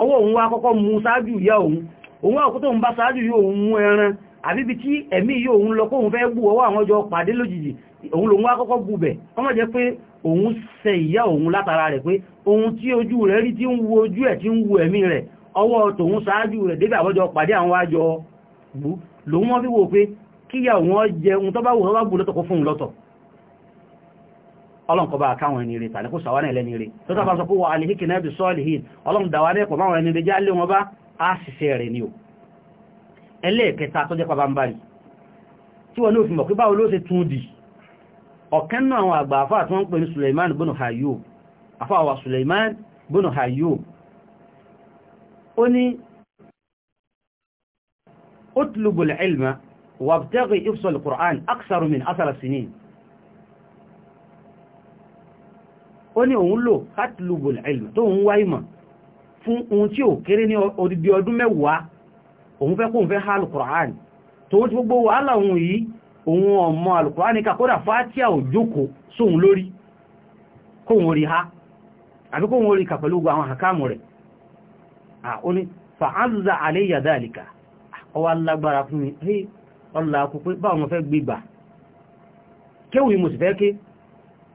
ọwọ́ òun wá kọ́kọ́ mú sáájú ìyá òun òun wá òkútó ń bá sáájú yóò òun mú ẹran àbíbi tí ẹ̀mí yóò òun lọ kóhun fẹ́ bù ọwọ́ àwọn ọjọ́ pàdé lójijì òun lòun wá kọ́kọ́ bù bẹ̀ ọmọ jẹ́ pé òun ṣe ìyá òun látara rẹ̀ pé ohun tí ojú rẹ̀ rí tí ń wo ojú ẹ̀ tí ń wo ẹ̀mí rẹ̀ ọwọ́ tòun sáájú rẹ̀ débẹ̀ àwọ́jọ pàdé àwọn àjọ bù lòun wọ́n fi wò pé kíyà òun ọ jẹ tó bá wù tó bá bù lọ́tọ̀ kó fún un lọ́tọ̀ ọlọ́nkọ́ bá káwọn ẹni rẹ̀ tàbí kó sàwọn ẹlẹ́ni rẹ̀ tó tàbí sọ pé wà alìhíkì náà bí sọ́ọ̀lì hìn ọlọ́run dàwà lẹ́pọ̀ máwọn ẹni rẹ̀ jálé wọn bá á ṣiṣẹ́ rẹ̀ ni o ẹlẹ́ẹ̀kẹta tó jẹ́ pàbámbárì tí wọn ní òfin mọ̀ pé báwo ló ṣe tún dì ọ̀kan ó ní òun lò kátìlúbùl ilm tó ń wá ìmọ̀ fún ohun tí ò kéré ní odidi ọdún mẹ́wàá òun fẹ́ kóun fẹ́ há alùkùránì tó ti gbogbo wàhálà òun yìí òun ọmọ alùkùránì kàkódà fátíà ò jókòó lórí kóun rí ha àbí kóun rí kà pẹ̀lú gbogbo àwọn àkámù rẹ̀ ó ní fa'azza alayya dhalika ọwá lágbára fún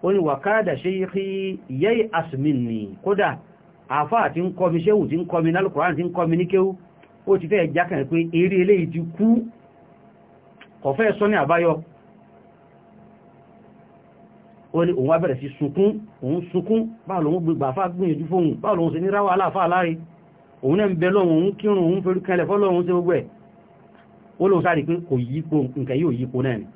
oní wàkádà ṣe yí yẹ́ asmin ni kódà àfá tí ń kọmi ṣéhù tí ń kọmi nálùkùrán tí ń kọmi ní kéhù ó ti fẹ́ jákàn pé eré eléyìí ti kú kọ̀fẹ́ sọ ní àbáyọ oní òun wá bẹ̀rẹ̀ sí sunkún òun sunkún báà lòun gbogbo àfá gbìyànjú fóhun báà lòun ṣe ní ráwà aláàfá aláre òun náà ń bẹ lọ́wọ́ òun kírun òun ferú kẹlẹ̀ fọ́lọ́run ṣe gbogbo ẹ̀ ó lóun sáré pé kò yípo nǹkan yóò yípo náà ni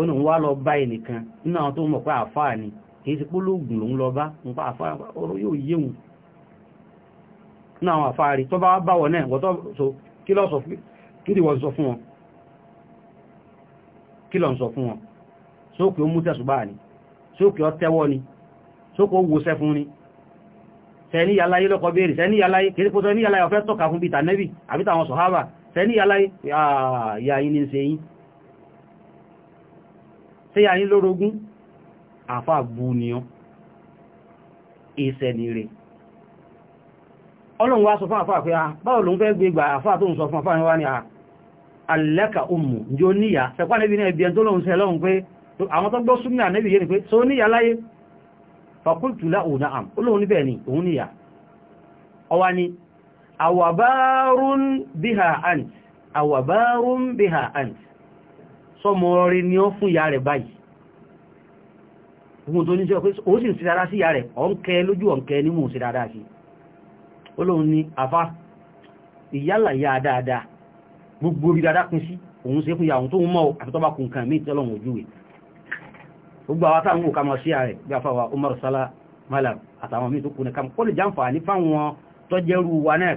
ó ní wá lọ bá ẹnìkan nínú àwọn tó mọ̀ pé àfáà ni kìí sí pólógùn lòun lọ bá ń pa àfáà ọ̀rọ̀ yóò yéwu nínú àwọn àfáà rí tó bá báwọ̀ náà wọ́n tó so kí lọ́ sọ fún kí ni wọ́n sọ fún wọn kí lọ́ sọ fún wọn sókè ó mú tẹ̀sùbá ni sókè ó tẹ́wọ́ ni sókè ó wòsẹ́ fún ni sẹ́ni yàláyé lọ́kọ̀ yìí ni ṣe yìí tí a yí lórogún àfá bú ni ọ ìsẹ̀ni rẹ̀ ọlọ́run wá sọ fún àfá pé a ah, báwọn ló ń fẹ́ gbé gbà àfá tó ń sọ fún àfá wá ní a alẹ́kà òmù ní ó níyà sẹ̀kwá níbi ní ẹbí ẹn tó lóun sẹ́lọ́run pé àwọn ni pé tó níyà láyé fàkúlùtùlá òun àm olóhun níbẹ̀ ni sọmọ ọrẹ ni ó fún ìyá rẹ̀ báyìí ohun tó ní jẹ́ pé ó sì ń ṣe dáadáa sí ìyá rẹ̀ ọ̀nkẹ́ lójú ọ̀nkẹ́ ní mò ń ṣe sí olóhun ni àfá ìyálà ìyá dáadáa gbogbo ibi dáadáa pín sí òun ṣe fún ìyá òun tó ń mọ́ àfitọ́bá kùn kan mí tọ́lọ̀wọ̀n ojúwe gbogbo àwọn Umar Sala Malam àtàwọn míì tó kù ní kàmù kó lè jàǹfà ní fáwọn tọ́jẹ́rú wa náà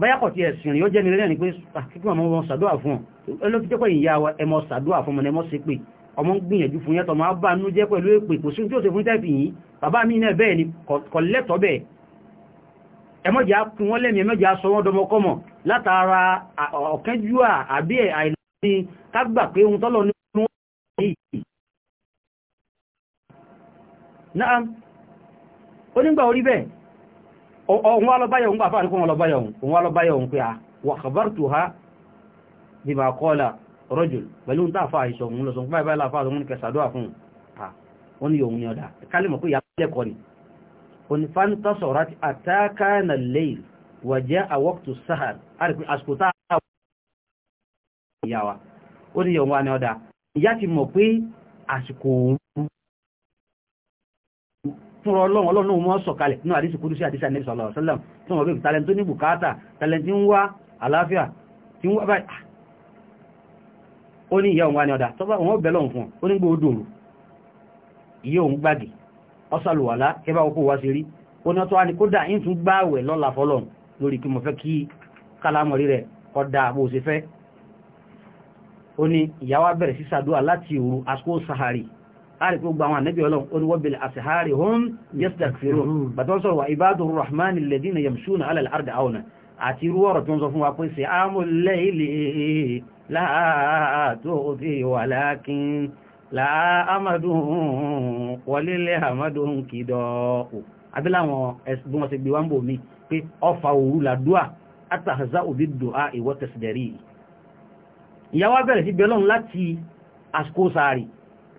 báyàkọ̀ tí ẹ̀sìn rí ó jẹ́ nílẹ̀ ní pé ah, kíkún ọmọ wọn sàdúà fún ọ ló fi jẹ́ pé ìyá wa ẹmọ sàdúà fún ọmọ ẹmọ sí pé ọmọ ń gbìyànjú fún yẹ́tọ̀ máa bá nú jẹ́ pẹ̀lú èpè kò sí tí ó ṣe fún tẹ́fì yìí bàbá mi náà bẹ́ẹ̀ ni kò lẹ́tọ̀ bẹ́ẹ̀ ẹmọ́jà kún wọ́n lẹ́mí ẹmọ́jà sọ wọ́n dọmọkọ́mọ̀ látara ọ̀kẹ́júà àbí àìlọ́ni kágbà pé ohun tọ́lọ ní wọ́n yìí náà onígbà orí bẹ́ẹ̀ òun wá lọ báyọ̀ òun pàfà nípa lọ báyọ̀ òun wá lọ báyọ̀ pé ah, a wà kàbártù ha bí ma kọ́lá rọ́jùl pẹ̀lú ń tàfà àìsọ̀ òun lọ sọ pé báyìí láfà òun kẹ sàdọ́ àfún ha ah, ó ní òun ní ọ̀dà kálímọ̀ pé yàtọ̀ kọ́ ni òun fanta sọ̀rọ̀ àtàkà sahar àrìkú àsìkò tá a ìyá wa ó ní òun òun fún ọlọ́run ọlọ́run mọ́ sọ̀kalẹ̀ ní àdísì kúrú sí àdísì àníbì sọ̀lọ̀ ọ̀sọ́lọ̀ tí wọ́n bèèrè tàlẹ̀ tó ní bùkátà tàlẹ̀ tí ń wá àlàáfíà tí ń wá báyìí ah. ó ní ìyá òun wá ní ọ̀dá tọ́bá òun bẹ̀lọ̀ fún ó ní gbòó dòrò ìyá òun gbàgì ọ̀sàlùwàlá kẹbà oko wá sí rí ó ní ọtọ́ wá ní kódà ń tún gbáwẹ̀ lọ́la fọlọ́n lórí kí sahari àríkú gbogbo àwọn ànábì ọlọ́run oníwọ́bìlì àṣìhárì hún yẹ́sìdàkfèrò bàtọ́ sọ̀rọ̀ wà ìbádùn rahman lèdínà yamṣúnà alàlárda àwọn àti irú ọ̀rọ̀ tó ń sọ fún wa pé sí àmúlẹ̀ ilẹ̀ láàtò òfin wà láàkín láàmàdùn wọlélẹ̀ àmàdùn kìdọ̀ abíláwọn ẹ̀sùn ti gbé wá ń bò mí pé ọfà òru làdúà àtàhàzá òbí dùá ìwọ́ tẹ̀sìdẹ̀rí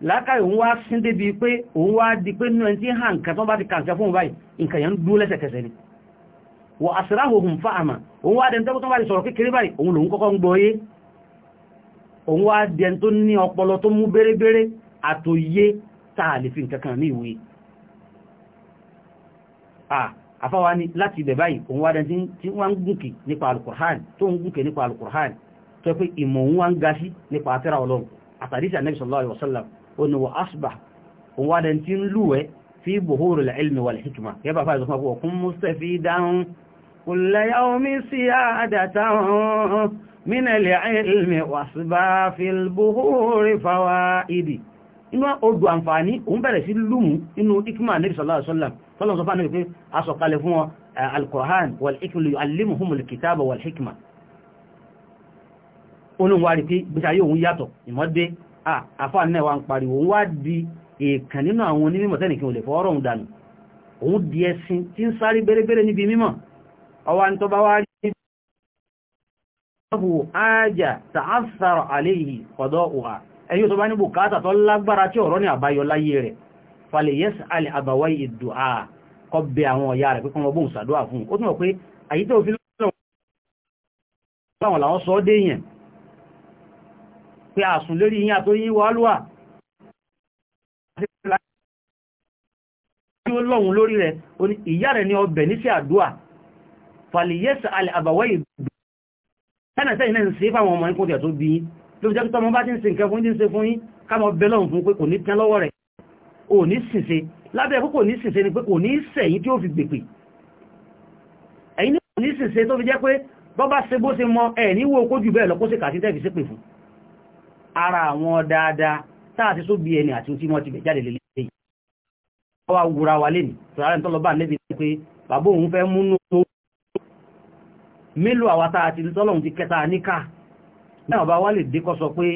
lákàí òun wá sín débi pé òun wá di pé nínú ẹni tí hàn nǹkan tó bá ti kàǹkà fún báyìí nǹkan yẹn ń dúró lẹ́sẹ̀kẹsẹ̀ ni wọ àṣíráhùn fáàmà òun wá dẹni tó bá ti sọ̀rọ̀ kékeré báyìí òun lòun kọ́kọ́ ń gbọ́yé òun wá dẹni tó ní ọpọlọ tó mú bérebére àtòyé táà lè fi nǹkan kan ni láti ibẹ̀ báyìí òun wá dẹni tí wọ́n ń gùnkè nípa alukurhan tó òní wà asbà òun wá dẹni tí ń lúwẹ́ fi buhuru al-ilmi wal-hikma yẹ́bà fà ìzọ́fà kó kún mustafidan kulla yawmi siyadatan min al-ilmi wasba fil buhuri fawaidi inú odò àǹfààní òun bẹ̀rẹ̀ sí lúmù inú ikma nabi sallallahu alaihi wasallam sallallahu alaihi wasallam pé a sọ̀kalẹ̀ fún wọn eh, al-Qur'an wal-hikma yu'allimuhum al-kitaba wal-hikma olùwárí pé gbèsè ayé òun yàtọ̀ ìmọ̀dé àfà náà wà ń pariwo wá di èèkàn nínú àwọn onímọ̀ tẹ́nìkan ò lè fọ́ọ́rọ̀ òun dànù òun di ẹṣin tí ń sáré bẹ́rẹ́bẹ́rẹ́ níbi mímọ̀ ọwá ń tọ́ bá wá rí ọ̀hù ájà tààsàrọ̀ àléyìí ọ̀dọ́ òhà ẹ̀yìn tó bá ní bùkátà tó lágbára tí ọ̀rọ̀ ní àbáyọ láyé rẹ̀ falẹ̀ yẹ́sì alẹ́ àbàwá ìdù à kọ́ bẹ àwọn ọ̀yá rẹ̀ pípọ́n ọgbọ́n sàdúà fún ó túnmọ̀ pé àyítẹ́ òfin lọ́wọ́ làwọn sọ ọ́ déyẹn pé àsùn lérí yín àtórí yín wọ́lúwà tí ó lọ́hun lórí rẹ̀ ìyá rẹ̀ ni ọbẹ̀ nífẹ́ àdúà fàlìyẹ́sà àbàwẹ́ ìgbẹ̀ tẹ́nẹ̀tẹ́ iná ń ṣe fáwọn ọmọ ikú tẹ̀ tó bí yín ló jẹ́ tọ́mọ bá ti ń ṣe nǹkan fún jíǹse fún yín kámọ bẹ lọ́hun fún pé kò ní tán lọ́wọ́ rẹ̀ ò ní sìnse lábẹ́ pé kò ní sìnse ni pé kò ní sẹ̀yìn tí ó fi gbèpè ẹ̀yìn ní kò ní sìnse tó fi jẹ́ pé bọ́ bá ṣe bó ṣe mọ ẹ̀ níwò kójú bẹ́ẹ̀ lọ kó ṣe kà tẹ́ fi ṣépè fún ara àwọn dáadáa táà ti sóbi ẹni àti tí wọ́n ti bẹ̀ jáde lélẹ́ yìí wọ́n wá wúra wa lè ní tọ́lárẹ̀ tọ́lọ́bà lẹ́bi pé bàbá òun fẹ́ múnú tó mélòó àwa táà ti tọ́lọ́hun ti kẹta níkà náà bá wá lè dé sọ pé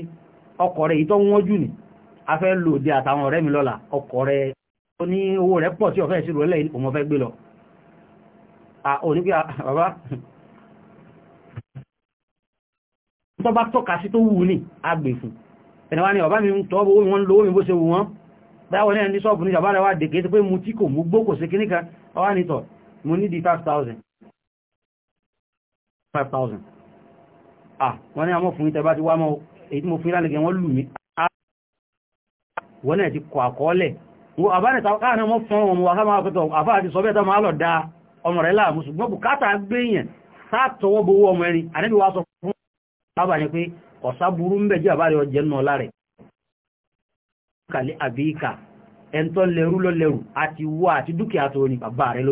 ọkọ̀ rẹ̀ ìtọ́ wọ́n jù ní a fẹ́ lò dé àtàwọn ọ̀rẹ́ mi lọ́la ọkọ̀ rẹ̀ tó ní owó rẹ̀ pọ̀ tí ọ̀fẹ́ ìṣirò lẹ́yìn tó bá tọ́ka sí tó wù ní agbèfún ẹ̀nàwà ni ọ̀bá mi ń tọ́ owó wọn lówó mi bó ṣe wù wọ́n báwọn ní ṣọ́ọ̀bù ní ìjọba rẹwà dèké tó pé mú tí kò mú gbó kò sí kí níka ọwá nìtọ̀ mú ní di 5,000 ah wọ́n ní àmọ́ fún ìtẹ́ bá ti wá mọ́ èyí tí mo fún ìlànà wọ́n lù mí wọ́n náà ti kọ àkọọ́lẹ̀ àbánìta káàkiri mọ́ da ọmọ rẹ̀ láàmú ṣùgbọ́n bùkátà gbéyàn sáàtọwọ́ bowó ọmọ ẹni àníbi sábà ní pé ọ̀sá burú ń bẹ̀jẹ́ àbárí ọjẹ́ náà lárẹ̀ kàlẹ́ àbíkà ẹ̀ntọ́ lẹ́rú lọ lẹ́rù àti wọ́ àti dúkìá tó ní bàbá rẹ̀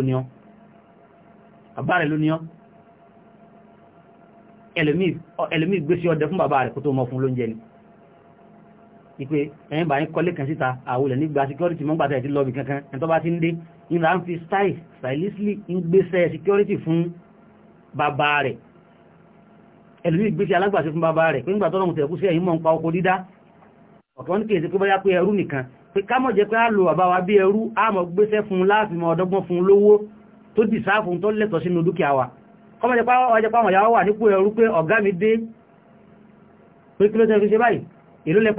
lóníọ́ ẹlòmí gbésí ọdẹ fún bàbá rẹ̀ kó tó mọ́ fún lóúnjẹ ni ipe ẹ̀yìn bá ń kọ́lé kan síta àwòlẹ̀ nígbà security mọ́ gbàtẹ̀ ti lọ́bì kankan ẹ̀ntọ́ bá ti ń dé ìlà fi style stylishly ń gbésẹ̀ security fún bàbá rẹ̀ ẹ̀lú ìgbésí alágbàṣe fún bàbá rẹ̀ pé nígbà tọ́lọ́mù tẹ̀kú sí ẹ̀yìn mọ́ ń pa oko dídá ọ̀tọ́ ní kèèsì pé báyá pé ẹrú nìkan pé ká mọ̀ jẹ́ pé á lo bàbá wa bí ẹrú àmọ́ gbéṣẹ́ fún láàfin ọ̀dọ́gbọ́n fún lówó tó dì sáàfún tó lẹ́tọ̀ sínú dúkìá